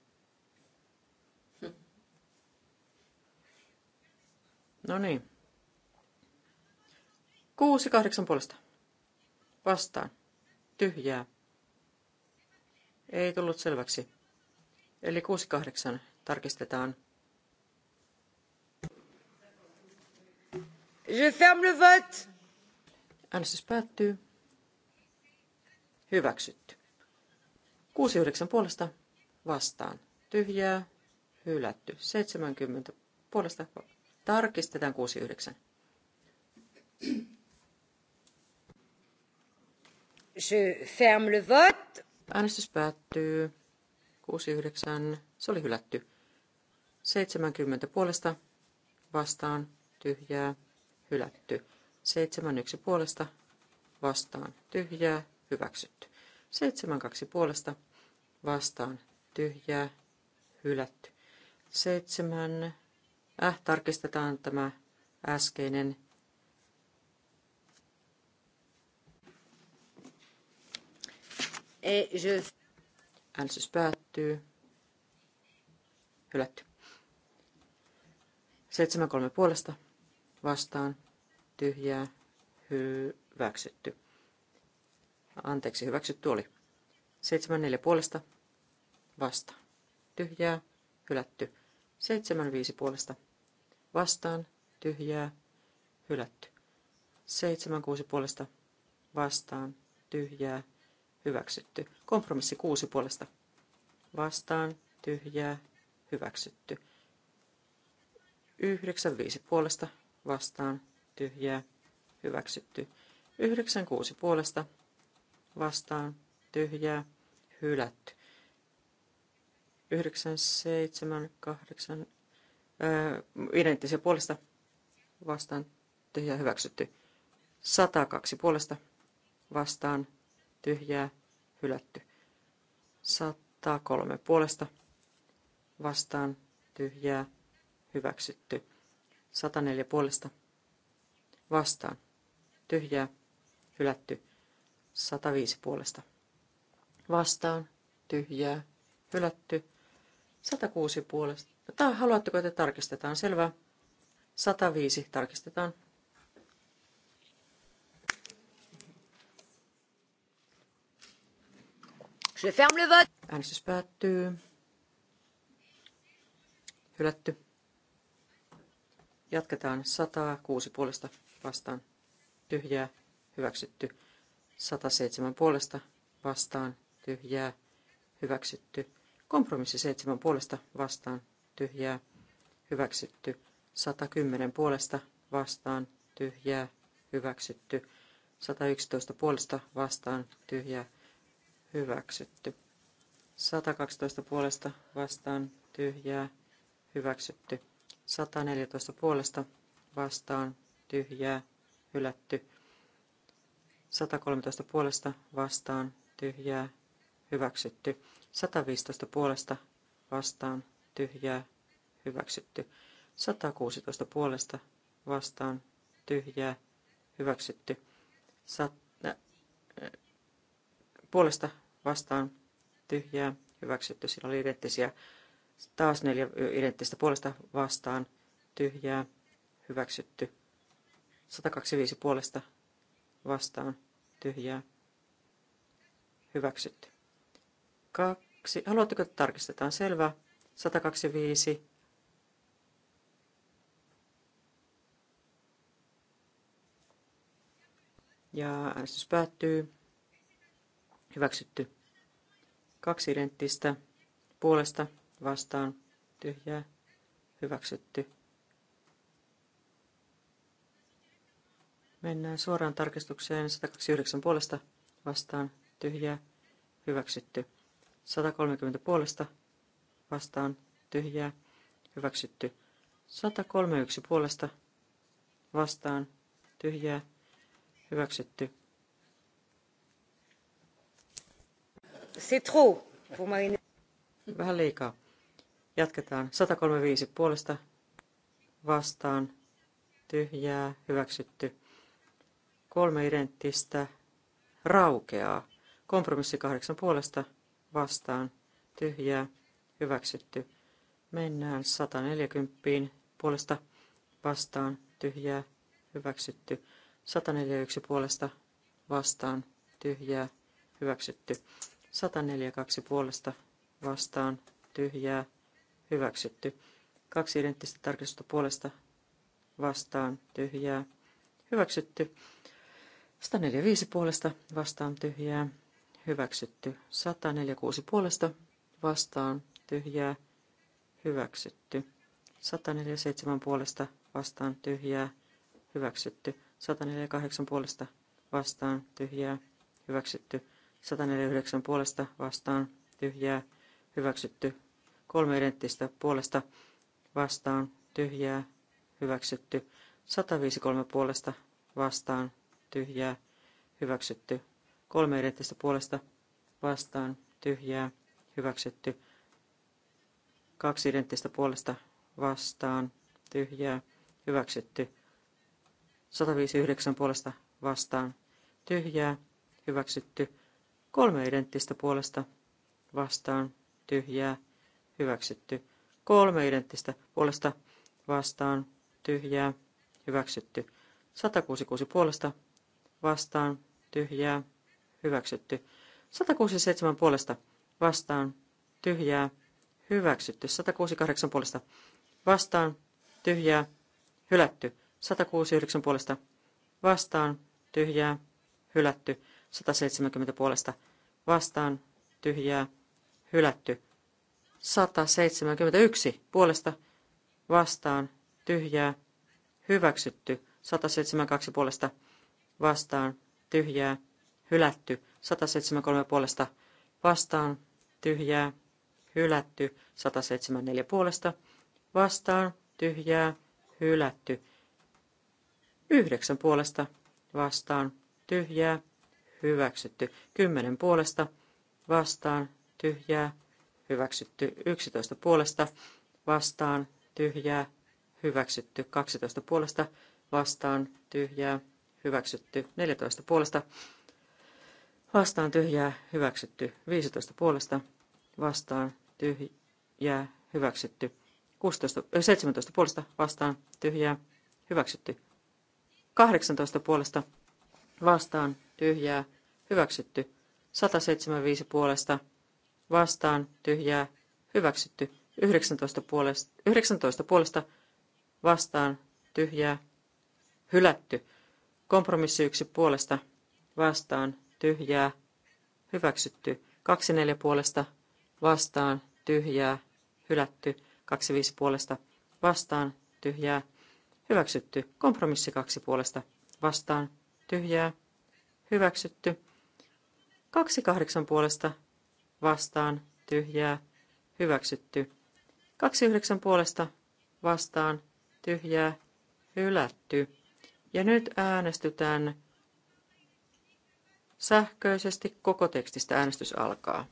No niin. Kuusi kahdeksan puolesta. Vastaan. Tyhjää. Ei tullut selväksi. Eli kuusi kahdeksan tarkistetaan. Je ferme le vote. Äänestys päättyy. Hyväksytty. Kuusi yhdeksän puolesta vastaan. Tyhjää. Hylätty. 70 puolesta Tarkistetaan 69. Je ferme le vote. Äänestys päättyy. 69. Se oli hylätty. 70 puolesta vastaan tyhjää hylätty. 71 puolesta vastaan tyhjää hyväksytty. 72 puolesta vastaan tyhjää hylätty. 7 Äh, tarkistetaan tämä äskeinen. Äänestys päättyy. Hylätty. 7.3 puolesta vastaan tyhjää hyväksytty. Anteeksi, hyväksytty oli. 7.4 puolesta vastaan tyhjää hylätty. 7.5 puolesta vastaan vastaan, tyhjää, hylätty. 7-6 puolesta vastaan, tyhjää, hyväksytty. Kompromissi 6 puolesta vastaan, tyhjää, hyväksytty. 9-5 puolesta vastaan, tyhjää, hyväksytty. 9-6 puolesta vastaan, tyhjää, hylätty. 9, 7, 8, identtisiä puolesta vastaan tyhjää hyväksytty. 102 puolesta vastaan tyhjää hylätty. 103 puolesta vastaan tyhjää hyväksytty. 104 puolesta vastaan tyhjää hylätty. 105 puolesta vastaan tyhjää hylätty. 106 puolesta tai haluatteko, että tarkistetaan? Selvä. 105 tarkistetaan. Je ferme le vote. Äänestys päättyy. Hylätty. Jatketaan 106 puolesta vastaan. Tyhjää. Hyväksytty. 107 puolesta vastaan. Tyhjää. Hyväksytty. Kompromissi 7 puolesta vastaan tyhjää, hyväksytty. 110 puolesta vastaan, tyhjää, hyväksytty. 111 puolesta vastaan, tyhjää, hyväksytty. 112 puolesta vastaan, tyhjää, hyväksytty. 114 puolesta vastaan, tyhjää, hylätty. 113 puolesta vastaan, tyhjää, hyväksytty. 115 puolesta vastaan, tyhjää, hyväksytty. 116 puolesta vastaan, tyhjää, hyväksytty. äh, puolesta vastaan, tyhjää, hyväksytty. Sillä oli identtisiä. Taas neljä identtistä puolesta vastaan, tyhjää, hyväksytty. 125 puolesta vastaan, tyhjää, hyväksytty. Kaksi. Haluatteko, että tarkistetaan? Selvä. 125. Ja äänestys päättyy. Hyväksytty. Kaksi identtistä. Puolesta vastaan tyhjää. Hyväksytty. Mennään suoraan tarkistukseen 129 puolesta vastaan tyhjää. Hyväksytty. 130 puolesta vastaan tyhjää hyväksytty. 131 puolesta vastaan tyhjää hyväksytty. C'est trop pour Marine. Vähän liikaa. Jatketaan. 135 puolesta vastaan tyhjää hyväksytty. Kolme identtistä raukeaa. Kompromissi kahdeksan puolesta vastaan tyhjää hyväksytty. Mennään 140 puolesta vastaan tyhjää hyväksytty. 141 puolesta vastaan tyhjää hyväksytty. 142 puolesta vastaan tyhjää hyväksytty. Kaksi identtistä tarkistusta puolesta vastaan tyhjää hyväksytty. 145 puolesta vastaan tyhjää hyväksytty. 146 puolesta vastaan tyhjää, hyväksytty. 147 puolesta vastaan tyhjää, hyväksytty. 148 puolesta vastaan tyhjää, hyväksytty. 149 puolesta vastaan tyhjää, hyväksytty. Kolme identtistä puolesta vastaan tyhjää, hyväksytty. 153 puolesta vastaan tyhjää, hyväksytty. Kolme identtistä puolesta vastaan tyhjää, hyväksytty. Kaksi identtistä puolesta vastaan tyhjää hyväksytty. 159 puolesta vastaan tyhjää hyväksytty. Kolme identtistä puolesta vastaan tyhjää hyväksytty. Kolme identtistä puolesta vastaan tyhjää hyväksytty. 166 puolesta vastaan tyhjää hyväksytty. 167 puolesta vastaan tyhjää hyväksytty. 168 puolesta vastaan, tyhjää, hylätty. 169 puolesta vastaan, tyhjää, hylätty. 170 puolesta vastaan, tyhjää, hylätty. 171 puolesta vastaan, tyhjää, hyväksytty. 172 puolesta vastaan, tyhjää, hylätty. 173 puolesta vastaan, tyhjää, hylätty. 174 puolesta vastaan tyhjää hylätty. 9 puolesta vastaan tyhjää hyväksytty. 10 puolesta vastaan tyhjää hyväksytty. 11 puolesta vastaan tyhjää hyväksytty. 12 puolesta vastaan tyhjää hyväksytty. 14 puolesta vastaan tyhjää hyväksytty. 15 puolesta vastaan tyhjää, hyväksytty. 16, 17 puolesta vastaan, tyhjää, hyväksytty. 18 puolesta vastaan, tyhjää, hyväksytty. 175 puolesta vastaan, tyhjää, hyväksytty. 19 puolesta, 19 puolesta vastaan, tyhjää, hylätty. Kompromissi yksi puolesta vastaan, tyhjää, hyväksytty. 24 puolesta vastaan, tyhjää, hylätty. 25 puolesta vastaan, tyhjää, hyväksytty. Kompromissi kaksi puolesta vastaan, tyhjää, hyväksytty. 28 puolesta vastaan, tyhjää, hyväksytty. 29 puolesta vastaan, tyhjää, hylätty. Ja nyt äänestytään sähköisesti koko tekstistä. Äänestys alkaa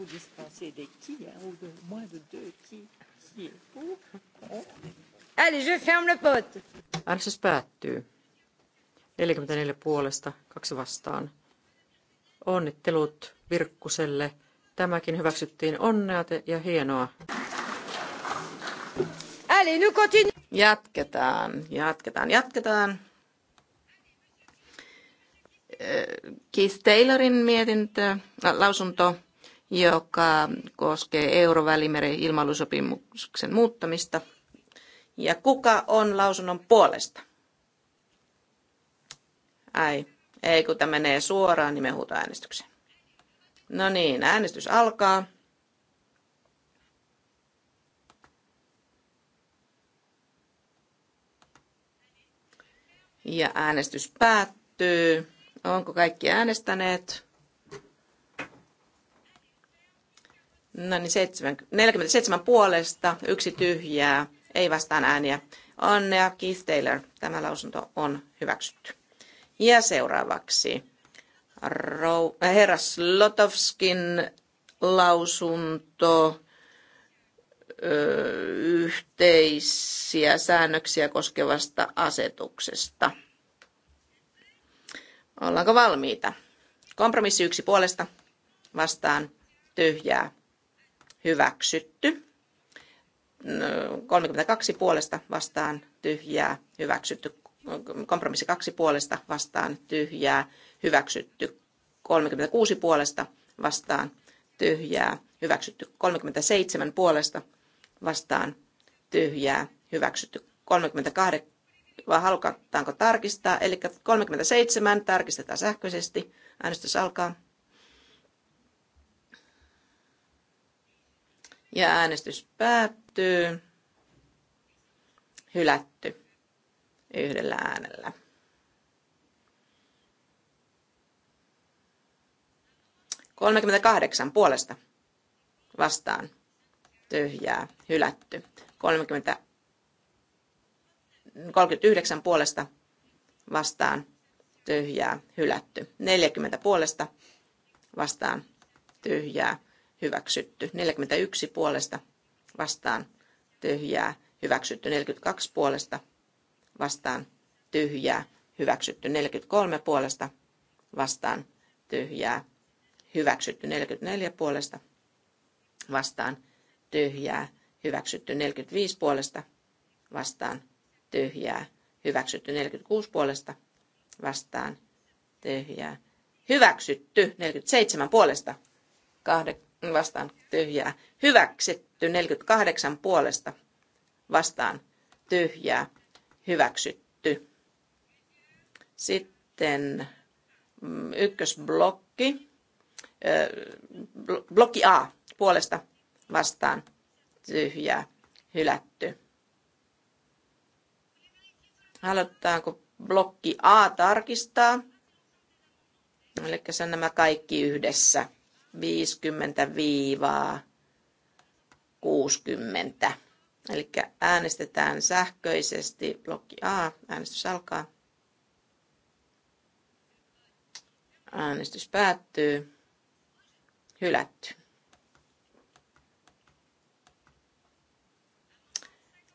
vous dispensez des qui, hein, ou de moins de deux qui, qui est pour, contre. Allez, je ferme le vote. Äänestys päättyy. 44 puolesta, kaksi vastaan. Onnittelut Virkkuselle. Tämäkin hyväksyttiin. Onnea ja hienoa. Eli nyt kotiin. Jatketaan, jatketaan, jatketaan. Äh, Keith Taylorin mietintö, lausunto joka koskee Eurovälimeren ilmailusopimuksen muuttamista. Ja kuka on lausunnon puolesta? Ai, ei kun tämä menee suoraan niin me äänestykseen. No niin, äänestys alkaa. Ja äänestys päättyy. Onko kaikki äänestäneet? No niin, 47 puolesta, yksi tyhjää, ei vastaan ääniä. Onnea Keith Taylor. Tämä lausunto on hyväksytty. Ja seuraavaksi Rou- äh, herra Slotovskin lausunto yhteisiä säännöksiä koskevasta asetuksesta. Ollaanko valmiita? Kompromissi yksi puolesta vastaan tyhjää hyväksytty. 32 puolesta vastaan tyhjää, hyväksytty. Kompromissi 2 puolesta vastaan tyhjää, hyväksytty. 36 puolesta vastaan tyhjää, hyväksytty. 37 puolesta vastaan tyhjää, hyväksytty. 38, vai halutaanko tarkistaa? Eli 37 tarkistetaan sähköisesti. Äänestys alkaa. Ja äänestys päättyy. Hylätty yhdellä äänellä. Kolmekymmentäkahdeksan puolesta vastaan tyhjää, hylätty. 30, 39 puolesta vastaan tyhjää, hylätty. 40 puolesta vastaan tyhjää, hyväksytty. 41 puolesta vastaan tyhjää, hyväksytty 42 puolesta vastaan tyhjää, hyväksytty 43 puolesta vastaan tyhjää, hyväksytty 44 puolesta vastaan tyhjää, hyväksytty 45 puolesta vastaan tyhjää, hyväksytty 46 puolesta vastaan tyhjää, hyväksytty 47 puolesta kahde, vastaan tyhjää. Hyväksytty 48 puolesta vastaan tyhjää. Hyväksytty. Sitten mm, ykkösblokki. Blokki A puolesta vastaan tyhjää. Hylätty. Halutaanko blokki A tarkistaa? Eli se on nämä kaikki yhdessä 50-60. Eli äänestetään sähköisesti. Blokki A. Äänestys alkaa. Äänestys päättyy. Hylätty.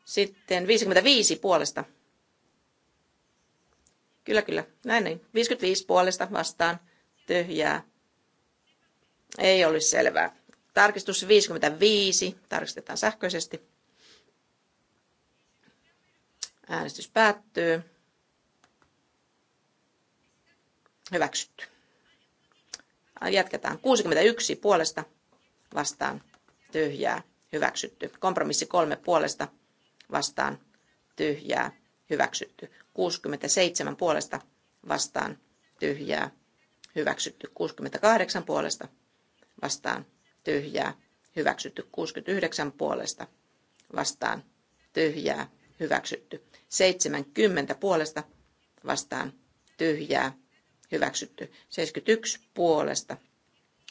Sitten 55 puolesta. Kyllä, kyllä. Näin, niin. 55 puolesta vastaan. Tyhjää. Ei olisi selvää. Tarkistus 55. Tarkistetaan sähköisesti. Äänestys päättyy. Hyväksytty. Jatketaan. 61 puolesta vastaan tyhjää. Hyväksytty. Kompromissi 3 puolesta vastaan tyhjää. Hyväksytty. 67 puolesta vastaan tyhjää. Hyväksytty. 68 puolesta vastaan tyhjää hyväksytty. 69 puolesta vastaan tyhjää hyväksytty. 70 puolesta vastaan tyhjää hyväksytty. 71 puolesta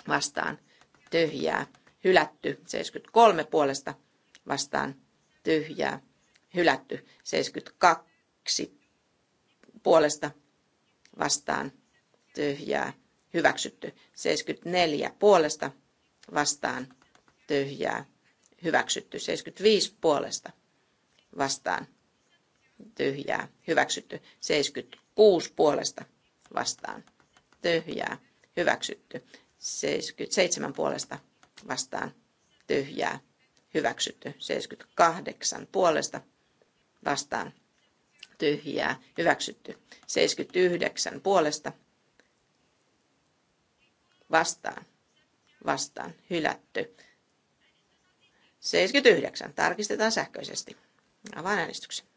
vastaan tyhjää hylätty. 73 puolesta vastaan tyhjää hylätty. 72 puolesta vastaan tyhjää hyväksytty. 74 puolesta vastaan tyhjää hyväksytty. 75 puolesta vastaan tyhjää hyväksytty. 76 puolesta vastaan tyhjää hyväksytty. 77 puolesta vastaan tyhjää hyväksytty. 78 puolesta vastaan tyhjää hyväksytty. 79 puolesta vastaan, vastaan, hylätty. 79. Tarkistetaan sähköisesti. Avaan äänestyksen.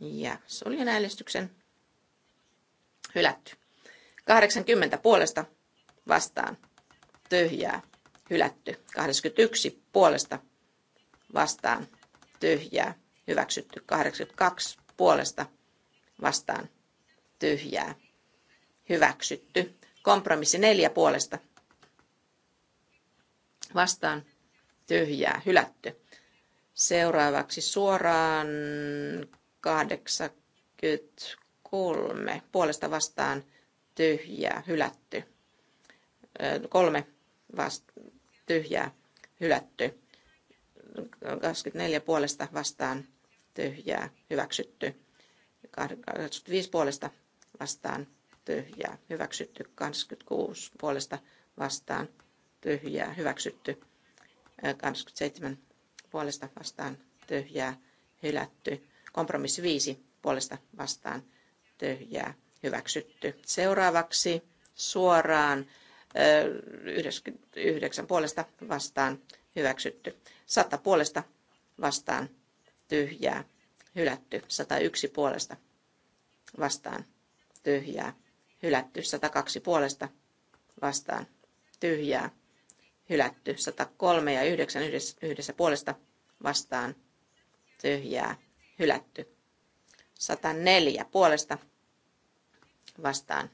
Ja suljen äänestyksen. Hylätty. 80 puolesta vastaan. Tyhjää. Hylätty. 81 puolesta vastaan. Tyhjää. Hyväksytty. 82 puolesta vastaan. Tyhjää hyväksytty. Kompromissi neljä puolesta vastaan tyhjää, hylätty. Seuraavaksi suoraan 83 puolesta vastaan tyhjää, hylätty. Kolme vasta, tyhjää, hylätty. 24 puolesta vastaan tyhjää, hyväksytty. 25 puolesta vastaan tyhjää, hyväksytty 26 puolesta vastaan, tyhjää, hyväksytty 27 puolesta vastaan, tyhjää, hylätty. Kompromissi 5 puolesta vastaan, tyhjää, hyväksytty. Seuraavaksi suoraan 99 puolesta vastaan, hyväksytty. 100 puolesta vastaan, tyhjää, hylätty. 101 puolesta vastaan, tyhjää, hylätty 102 puolesta vastaan tyhjää, hylätty 103 ja 9 yhdessä, yhdessä puolesta vastaan tyhjää, hylätty 104 puolesta vastaan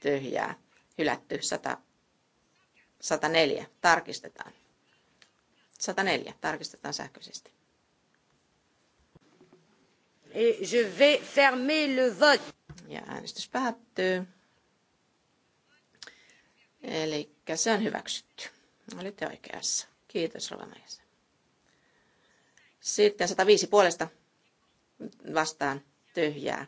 tyhjää, hylätty 100, 104, tarkistetaan. 104, tarkistetaan sähköisesti. Et je vais fermer le vote. Ja äänestys päättyy. Eli se on hyväksytty. Olitte oikeassa. Kiitos Rovamajassa. Sitten 105 puolesta vastaan tyhjää.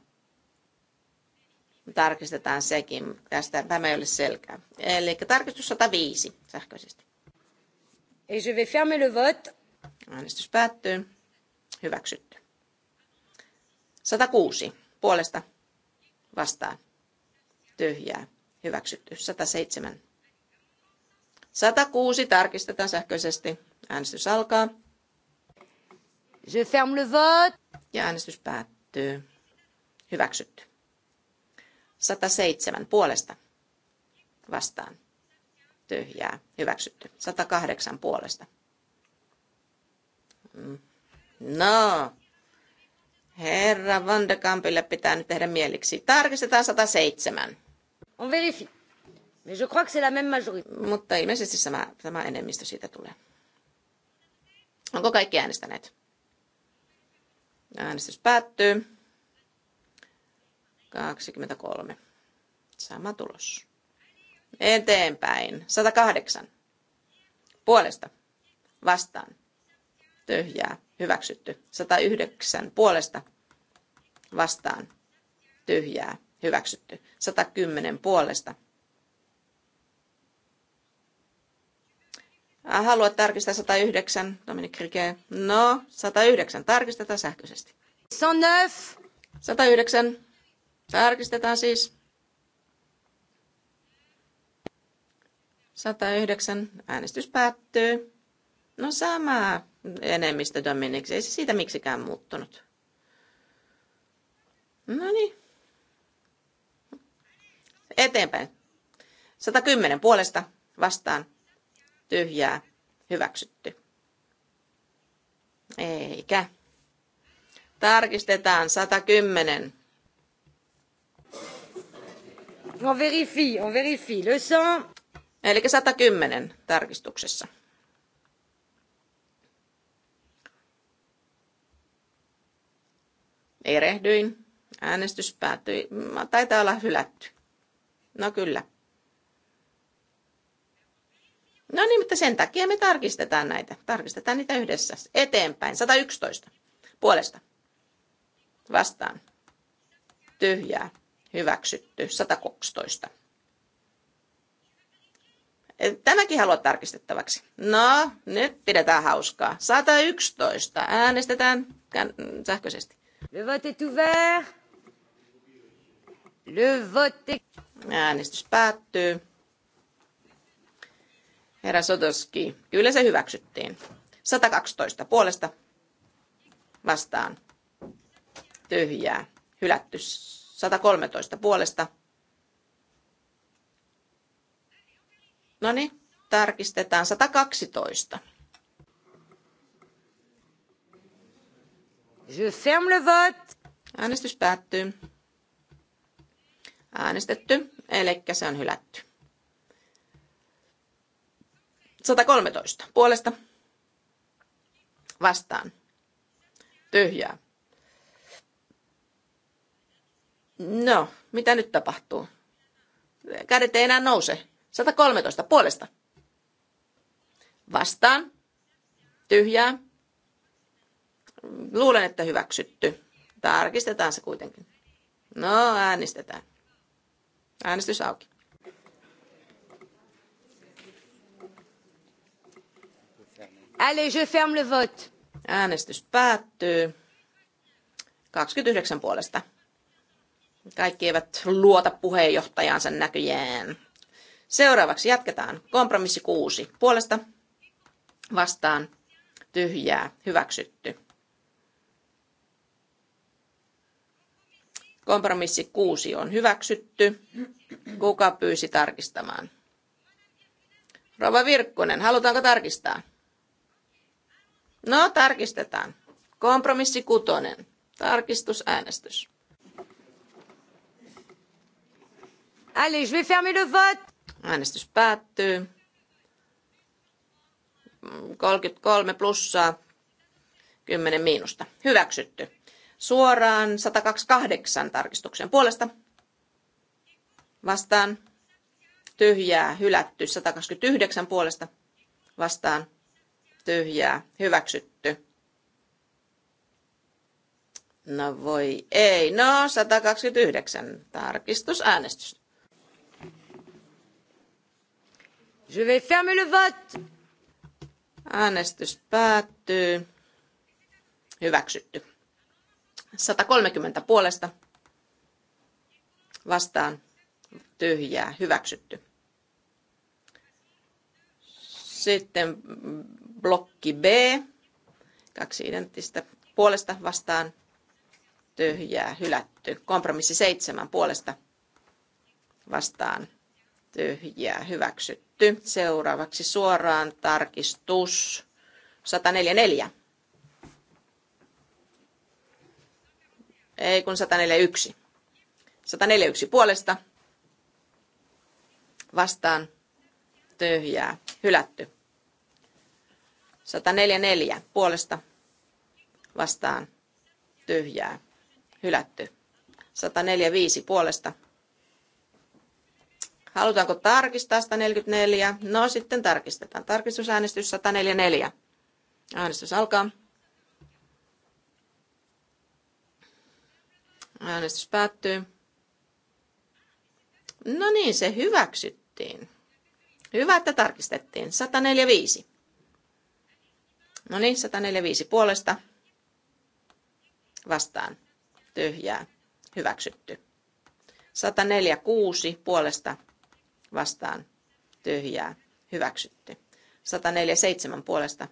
Tarkistetaan sekin. Tästä tämä ei ole selkää. Eli tarkistus 105 sähköisesti. Et je vais fermer le vote. Äänestys päättyy. Hyväksytty. 106 puolesta vastaan tyhjää. Hyväksytty. 107 106 tarkistetaan sähköisesti. Äänestys alkaa. Je ferme le vote. Ja äänestys päättyy. Hyväksytty. 107 puolesta. Vastaan. Tyhjää. Hyväksytty. 108 puolesta. Mm. No. Herra Vandekampille pitää nyt tehdä mieliksi. Tarkistetaan 107. On verifi. Mais je crois la même majorité. Mutta ilmeisesti sama, sama enemmistö siitä tulee. Onko kaikki äänestäneet? Äänestys päättyy. 23. Sama tulos. Eteenpäin. 108. Puolesta. Vastaan. Tyhjää. Hyväksytty. 109. Puolesta. Vastaan. Tyhjää. Hyväksytty. 110. Puolesta Äh, haluat tarkistaa 109, Dominic Rike. No, 109 tarkistetaan sähköisesti. 109. Tarkistetaan siis. 109. Äänestys päättyy. No sama enemmistö Dominic, Ei se siitä miksikään muuttunut. No niin. Eteenpäin. 110 puolesta vastaan tyhjää hyväksytty. Eikä. Tarkistetaan 110. On verifi on verifi Le sang. Eli 110 tarkistuksessa. Erehdyin. Äänestys päättyi. Taitaa olla hylätty. No kyllä. No niin, mutta sen takia me tarkistetaan näitä. Tarkistetaan niitä yhdessä. Eteenpäin. 111. Puolesta. Vastaan. Tyhjää. Hyväksytty. 112. Eh, tämäkin haluat tarkistettavaksi. No, nyt pidetään hauskaa. 111. Äänestetään sähköisesti. Le vote est ouvert. Le vote... Äänestys päättyy. Herra Sotoski, kyllä se hyväksyttiin. 112 puolesta vastaan. Tyhjää. Hylätty. 113 puolesta. No niin, tarkistetaan 112. Je ferme le vote. Äänestys päättyy. Äänestetty, eli se on hylätty. 113 puolesta vastaan. Tyhjää. No, mitä nyt tapahtuu? Kädet ei enää nouse. 113 puolesta. Vastaan. Tyhjää. Luulen, että hyväksytty. Tarkistetaan se kuitenkin. No, äänestetään. Äänestys auki. Allez, je ferme le vote. Äänestys päättyy. 29 puolesta. Kaikki eivät luota puheenjohtajansa näköjään. Seuraavaksi jatketaan. Kompromissi 6. Puolesta vastaan tyhjää hyväksytty. Kompromissi 6 on hyväksytty. Kuka pyysi tarkistamaan? Rova Virkkunen, halutaanko tarkistaa? No, tarkistetaan. Kompromissi kutonen. Tarkistusäänestys. Allez, je vais fermer le vote. Äänestys päättyy. 33 plussaa, 10 miinusta. Hyväksytty. Suoraan 128 tarkistuksen puolesta. Vastaan. Tyhjää, hylätty. 129 puolesta. Vastaan tyhjää, hyväksytty. No voi ei. No, 129. Tarkistusäänestys. Je vais fermer le vote. Äänestys päättyy. Hyväksytty. 130 puolesta. Vastaan. Tyhjää. Hyväksytty. Sitten blokki B, kaksi identtistä puolesta vastaan, tyhjää, hylätty. Kompromissi seitsemän puolesta vastaan, tyhjää, hyväksytty. Seuraavaksi suoraan tarkistus 144. Ei kun 141. 141 puolesta vastaan tyhjää, hylätty. 144 puolesta vastaan tyhjää, hylätty. 145 puolesta. Halutaanko tarkistaa 144? No sitten tarkistetaan. Tarkistusäänestys 144. Äänestys alkaa. Äänestys päättyy. No niin, se hyväksyttiin. Hyvä, että tarkistettiin. 145. No niin, 145 puolesta vastaan tyhjää hyväksytty. 146 puolesta vastaan tyhjää hyväksytty. 147 puolesta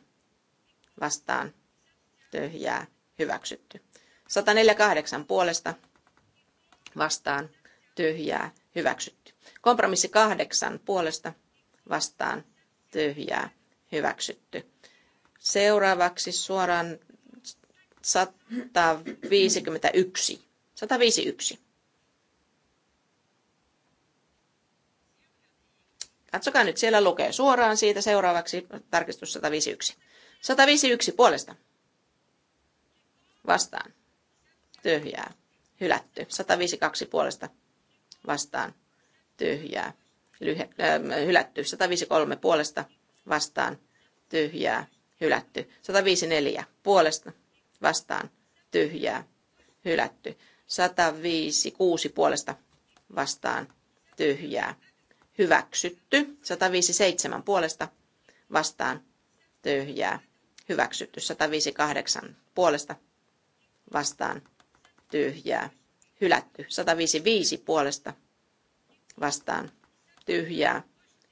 vastaan tyhjää hyväksytty. 148 puolesta vastaan tyhjää hyväksytty. Kompromissi 8 puolesta vastaan tyhjää hyväksytty. Seuraavaksi suoraan 151. 151. Katsokaa nyt, siellä lukee suoraan siitä seuraavaksi tarkistus 151. 151 puolesta. Vastaan. Tyhjää. Hylätty. 152 puolesta. Vastaan. Tyhjää. Lyhe, äh, hylätty. 153 puolesta. Vastaan. Tyhjää hylätty. 154 puolesta vastaan tyhjää hylätty. 156 puolesta vastaan tyhjää hyväksytty. 157 puolesta vastaan tyhjää hyväksytty. 158 puolesta vastaan tyhjää hylätty. 155 puolesta vastaan tyhjää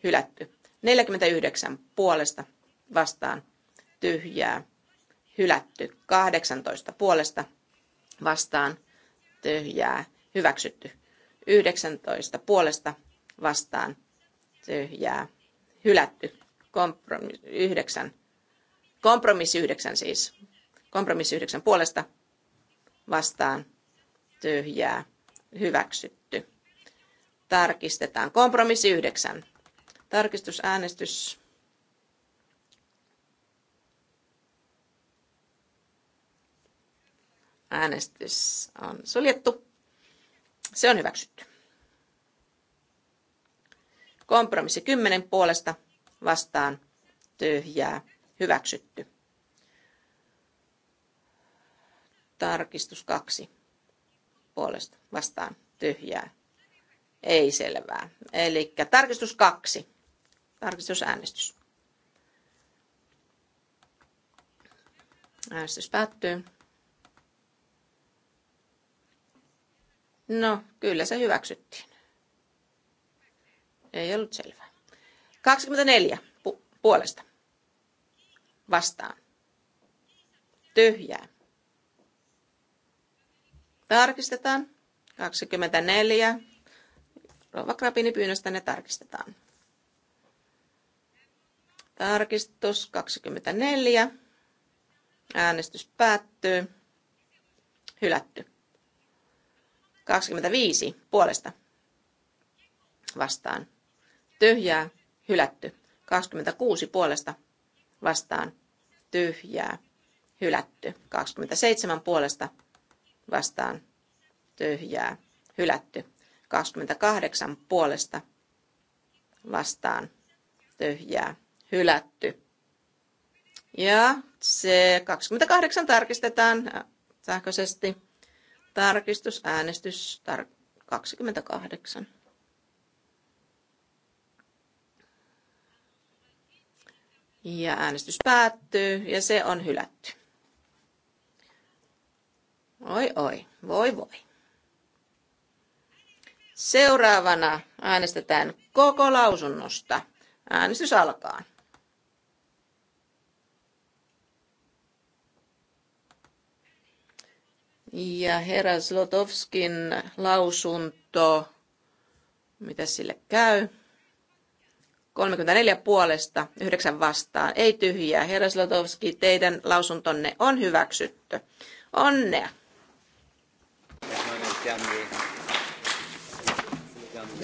hylätty. 49 puolesta vastaan tyhjää, hylätty. 18 puolesta vastaan, tyhjää, hyväksytty. 19 puolesta vastaan, tyhjää, hylätty. Kompromissi 9. Kompromissi 9 siis. Kompromissi 9 puolesta vastaan, tyhjää, hyväksytty. Tarkistetaan. Kompromissi 9. Tarkistusäänestys. Äänestys on suljettu. Se on hyväksytty. Kompromissi 10 puolesta vastaan tyhjää hyväksytty. Tarkistus 2 puolesta vastaan tyhjää ei selvää. Eli tarkistus 2. Tarkistusäänestys. Äänestys päättyy. No, kyllä se hyväksyttiin. Ei ollut selvää. 24 pu- puolesta. Vastaan. Tyhjää. Tarkistetaan. 24. Rova Krapini pyynnöstä ne tarkistetaan. Tarkistus 24. Äänestys päättyy. Hylätty. 25 puolesta vastaan. Tyhjää, hylätty. 26 puolesta vastaan. Tyhjää, hylätty. 27 puolesta vastaan. Tyhjää, hylätty. 28 puolesta vastaan. Tyhjää, hylätty. Ja se 28 tarkistetaan äh, sähköisesti äänestys tar- 28. Ja äänestys päättyy ja se on hylätty. Oi oi, voi voi. Seuraavana äänestetään koko lausunnosta. Äänestys alkaa. Ja herra Zlotowskin lausunto, mitä sille käy? 34 puolesta, 9 vastaan, ei tyhjää. Herra Zlotowski, teidän lausuntonne on hyväksytty. Onnea!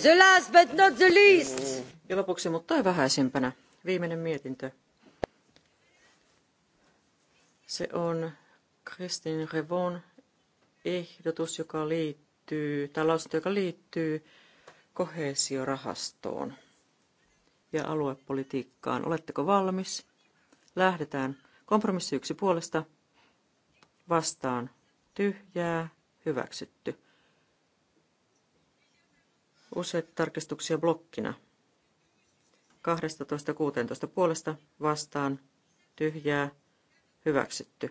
The last but not the least. Ja lopuksi, mutta ei vähäisimpänä, viimeinen mietintö. Se on Kristin Revon ehdotus, joka liittyy, tai lausunto, joka liittyy kohesiorahastoon ja aluepolitiikkaan. Oletteko valmis? Lähdetään. Kompromissi yksi puolesta. Vastaan. Tyhjää. Hyväksytty. Useat tarkistuksia blokkina. 12.16 puolesta vastaan. Tyhjää. Hyväksytty.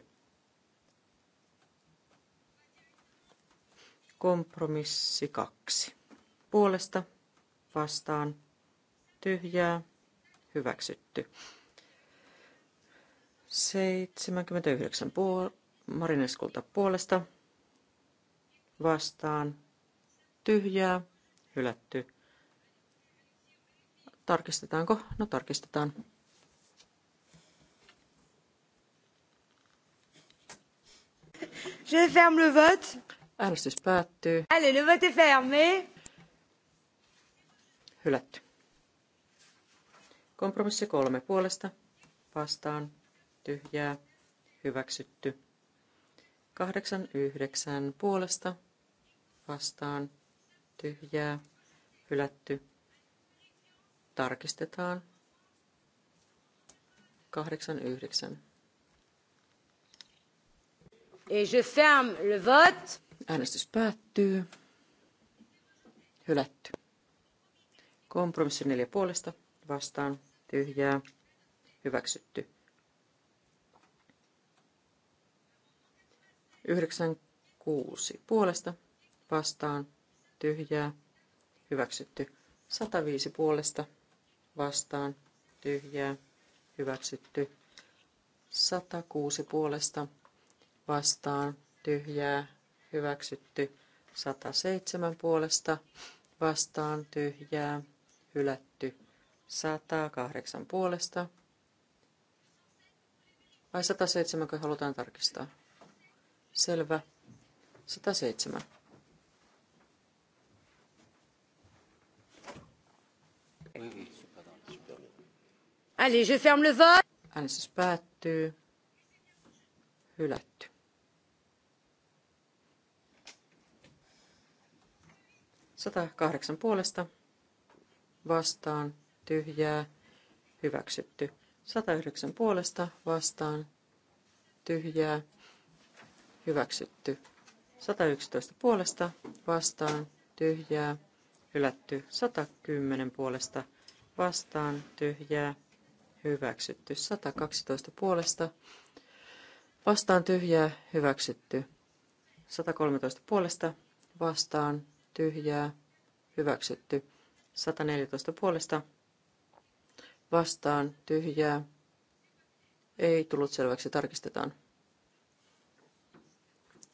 Kompromissi kaksi. Puolesta vastaan tyhjää hyväksytty. 79 puol- Marineskulta puolesta vastaan tyhjää hylätty. Tarkistetaanko? No tarkistetaan. Je ferme le vote. Äänestys päättyy. Allez, le fermé. Hylätty. Kompromissi kolme puolesta. Vastaan. Tyhjää. Hyväksytty. Kahdeksan yhdeksän puolesta. Vastaan. Tyhjää. Hylätty. Tarkistetaan. Kahdeksan yhdeksän. Et je ferme le vote. Äänestys päättyy. Hylätty. Kompromissi neljä puolesta. Vastaan. Tyhjää. Hyväksytty. 96 puolesta. Vastaan. Tyhjää. Hyväksytty. 105 puolesta. Vastaan. Tyhjää. Hyväksytty. 106 puolesta. Vastaan. Tyhjää hyväksytty 107 puolesta vastaan tyhjää, hylätty 108 puolesta. vai 107, kun halutaan tarkistaa. Selvä. 107. Allez, je ferme le vote. Äänestys päättyy. Hylätty. 108 puolesta vastaan tyhjää hyväksytty. 109 puolesta vastaan tyhjää hyväksytty. 111 puolesta vastaan tyhjää hylätty. 110 puolesta vastaan tyhjää hyväksytty. 112 puolesta vastaan tyhjää hyväksytty. 113 puolesta vastaan tyhjää, hyväksytty. 114 puolesta vastaan, tyhjää, ei tullut selväksi, tarkistetaan.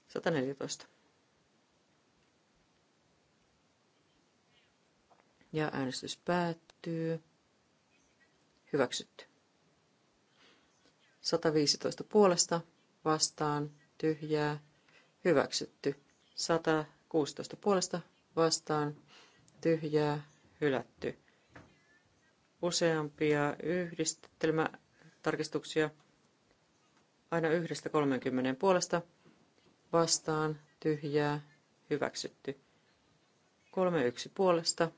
114. Ja äänestys päättyy. Hyväksytty. 115 puolesta vastaan tyhjää. Hyväksytty. 100 16 puolesta vastaan tyhjää hylätty. Useampia yhdistelmätarkistuksia aina yhdestä 30 puolesta vastaan tyhjää hyväksytty. 31 puolesta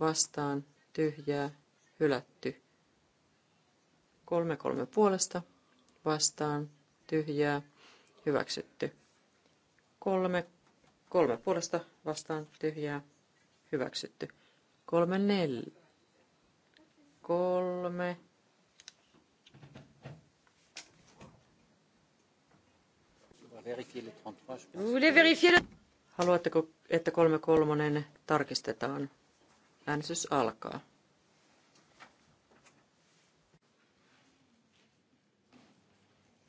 vastaan tyhjää hylätty. 33 puolesta vastaan tyhjää hyväksytty. 3 Kolme puolesta vastaan tyhjää hyväksytty. Kolme neljä Kolme... Haluatteko, että kolme kolmonen tarkistetaan? Äänestys alkaa.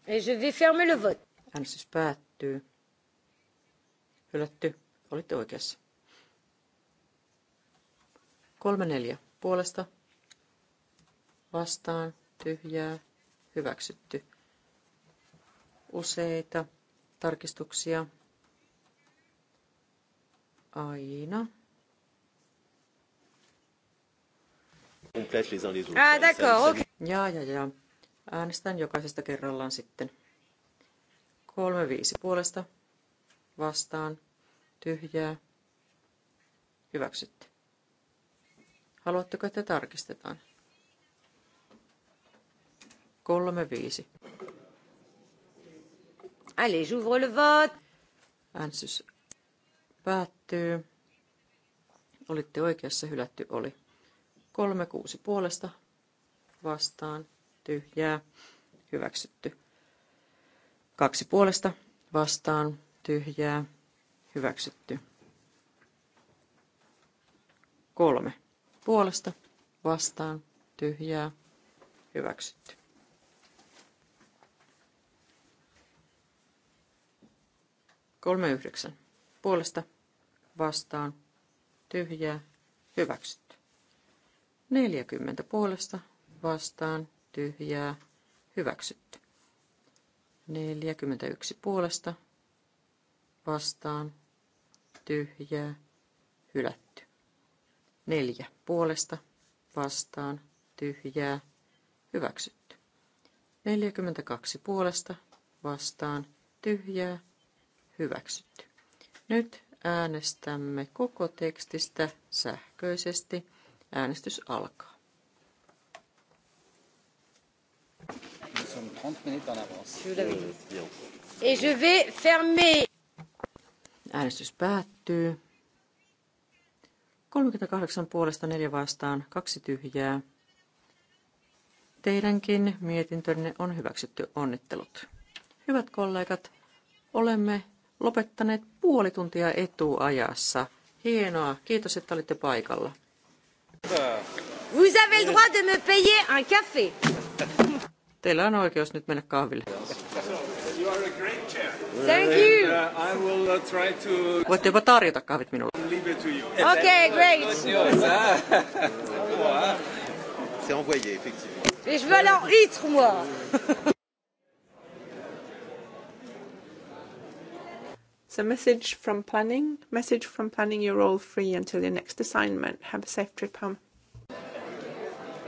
Et je vais fermer le vote. Äänestys päättyy. Hylätty. Olitte oikeassa. Kolme neljä. Puolesta. Vastaan. Tyhjää. Hyväksytty. Useita tarkistuksia. Aina. Ah, d'accord, okay. Jaa, ja, ja. Äänestän jokaisesta kerrallaan sitten. Kolme viisi puolesta vastaan, tyhjää, hyväksytty. Haluatteko, että tarkistetaan? 3-5. Allez, j'ouvre le vote. Äänestys päättyy. Olitte oikeassa, hylätty oli. 3-6 puolesta vastaan, tyhjää, hyväksytty. Kaksi puolesta vastaan, tyhjää, hyväksytty. Kolme. Puolesta, vastaan, tyhjää, hyväksytty. Kolme yhdeksän. Puolesta, vastaan, tyhjää, hyväksytty. neljäkymmentä puolesta, vastaan, tyhjää, hyväksytty. yksi puolesta, vastaan, tyhjää, hylätty. Neljä puolesta, vastaan, tyhjää, hyväksytty. 42 puolesta, vastaan, tyhjää, hyväksytty. Nyt äänestämme koko tekstistä sähköisesti. Äänestys alkaa. Et je vais fermer. Äänestys päättyy. 38 puolesta 4 vastaan, kaksi tyhjää. Teidänkin mietintönne on hyväksytty. Onnittelut. Hyvät kollegat, olemme lopettaneet puoli tuntia etuajassa. Hienoa. Kiitos, että olitte paikalla. Vous avez le droit de me payer un café. Teillä on oikeus nyt mennä kahville. Thank you. Uh, I will uh, try to... Voitteko tarjota kahvit minulle? Leave it to you. Okay, great. C'est envoyé, effectivement. Et je veux aller en litre, moi. So message from planning. Message from planning. You're all free until your next assignment. Have a safe trip home.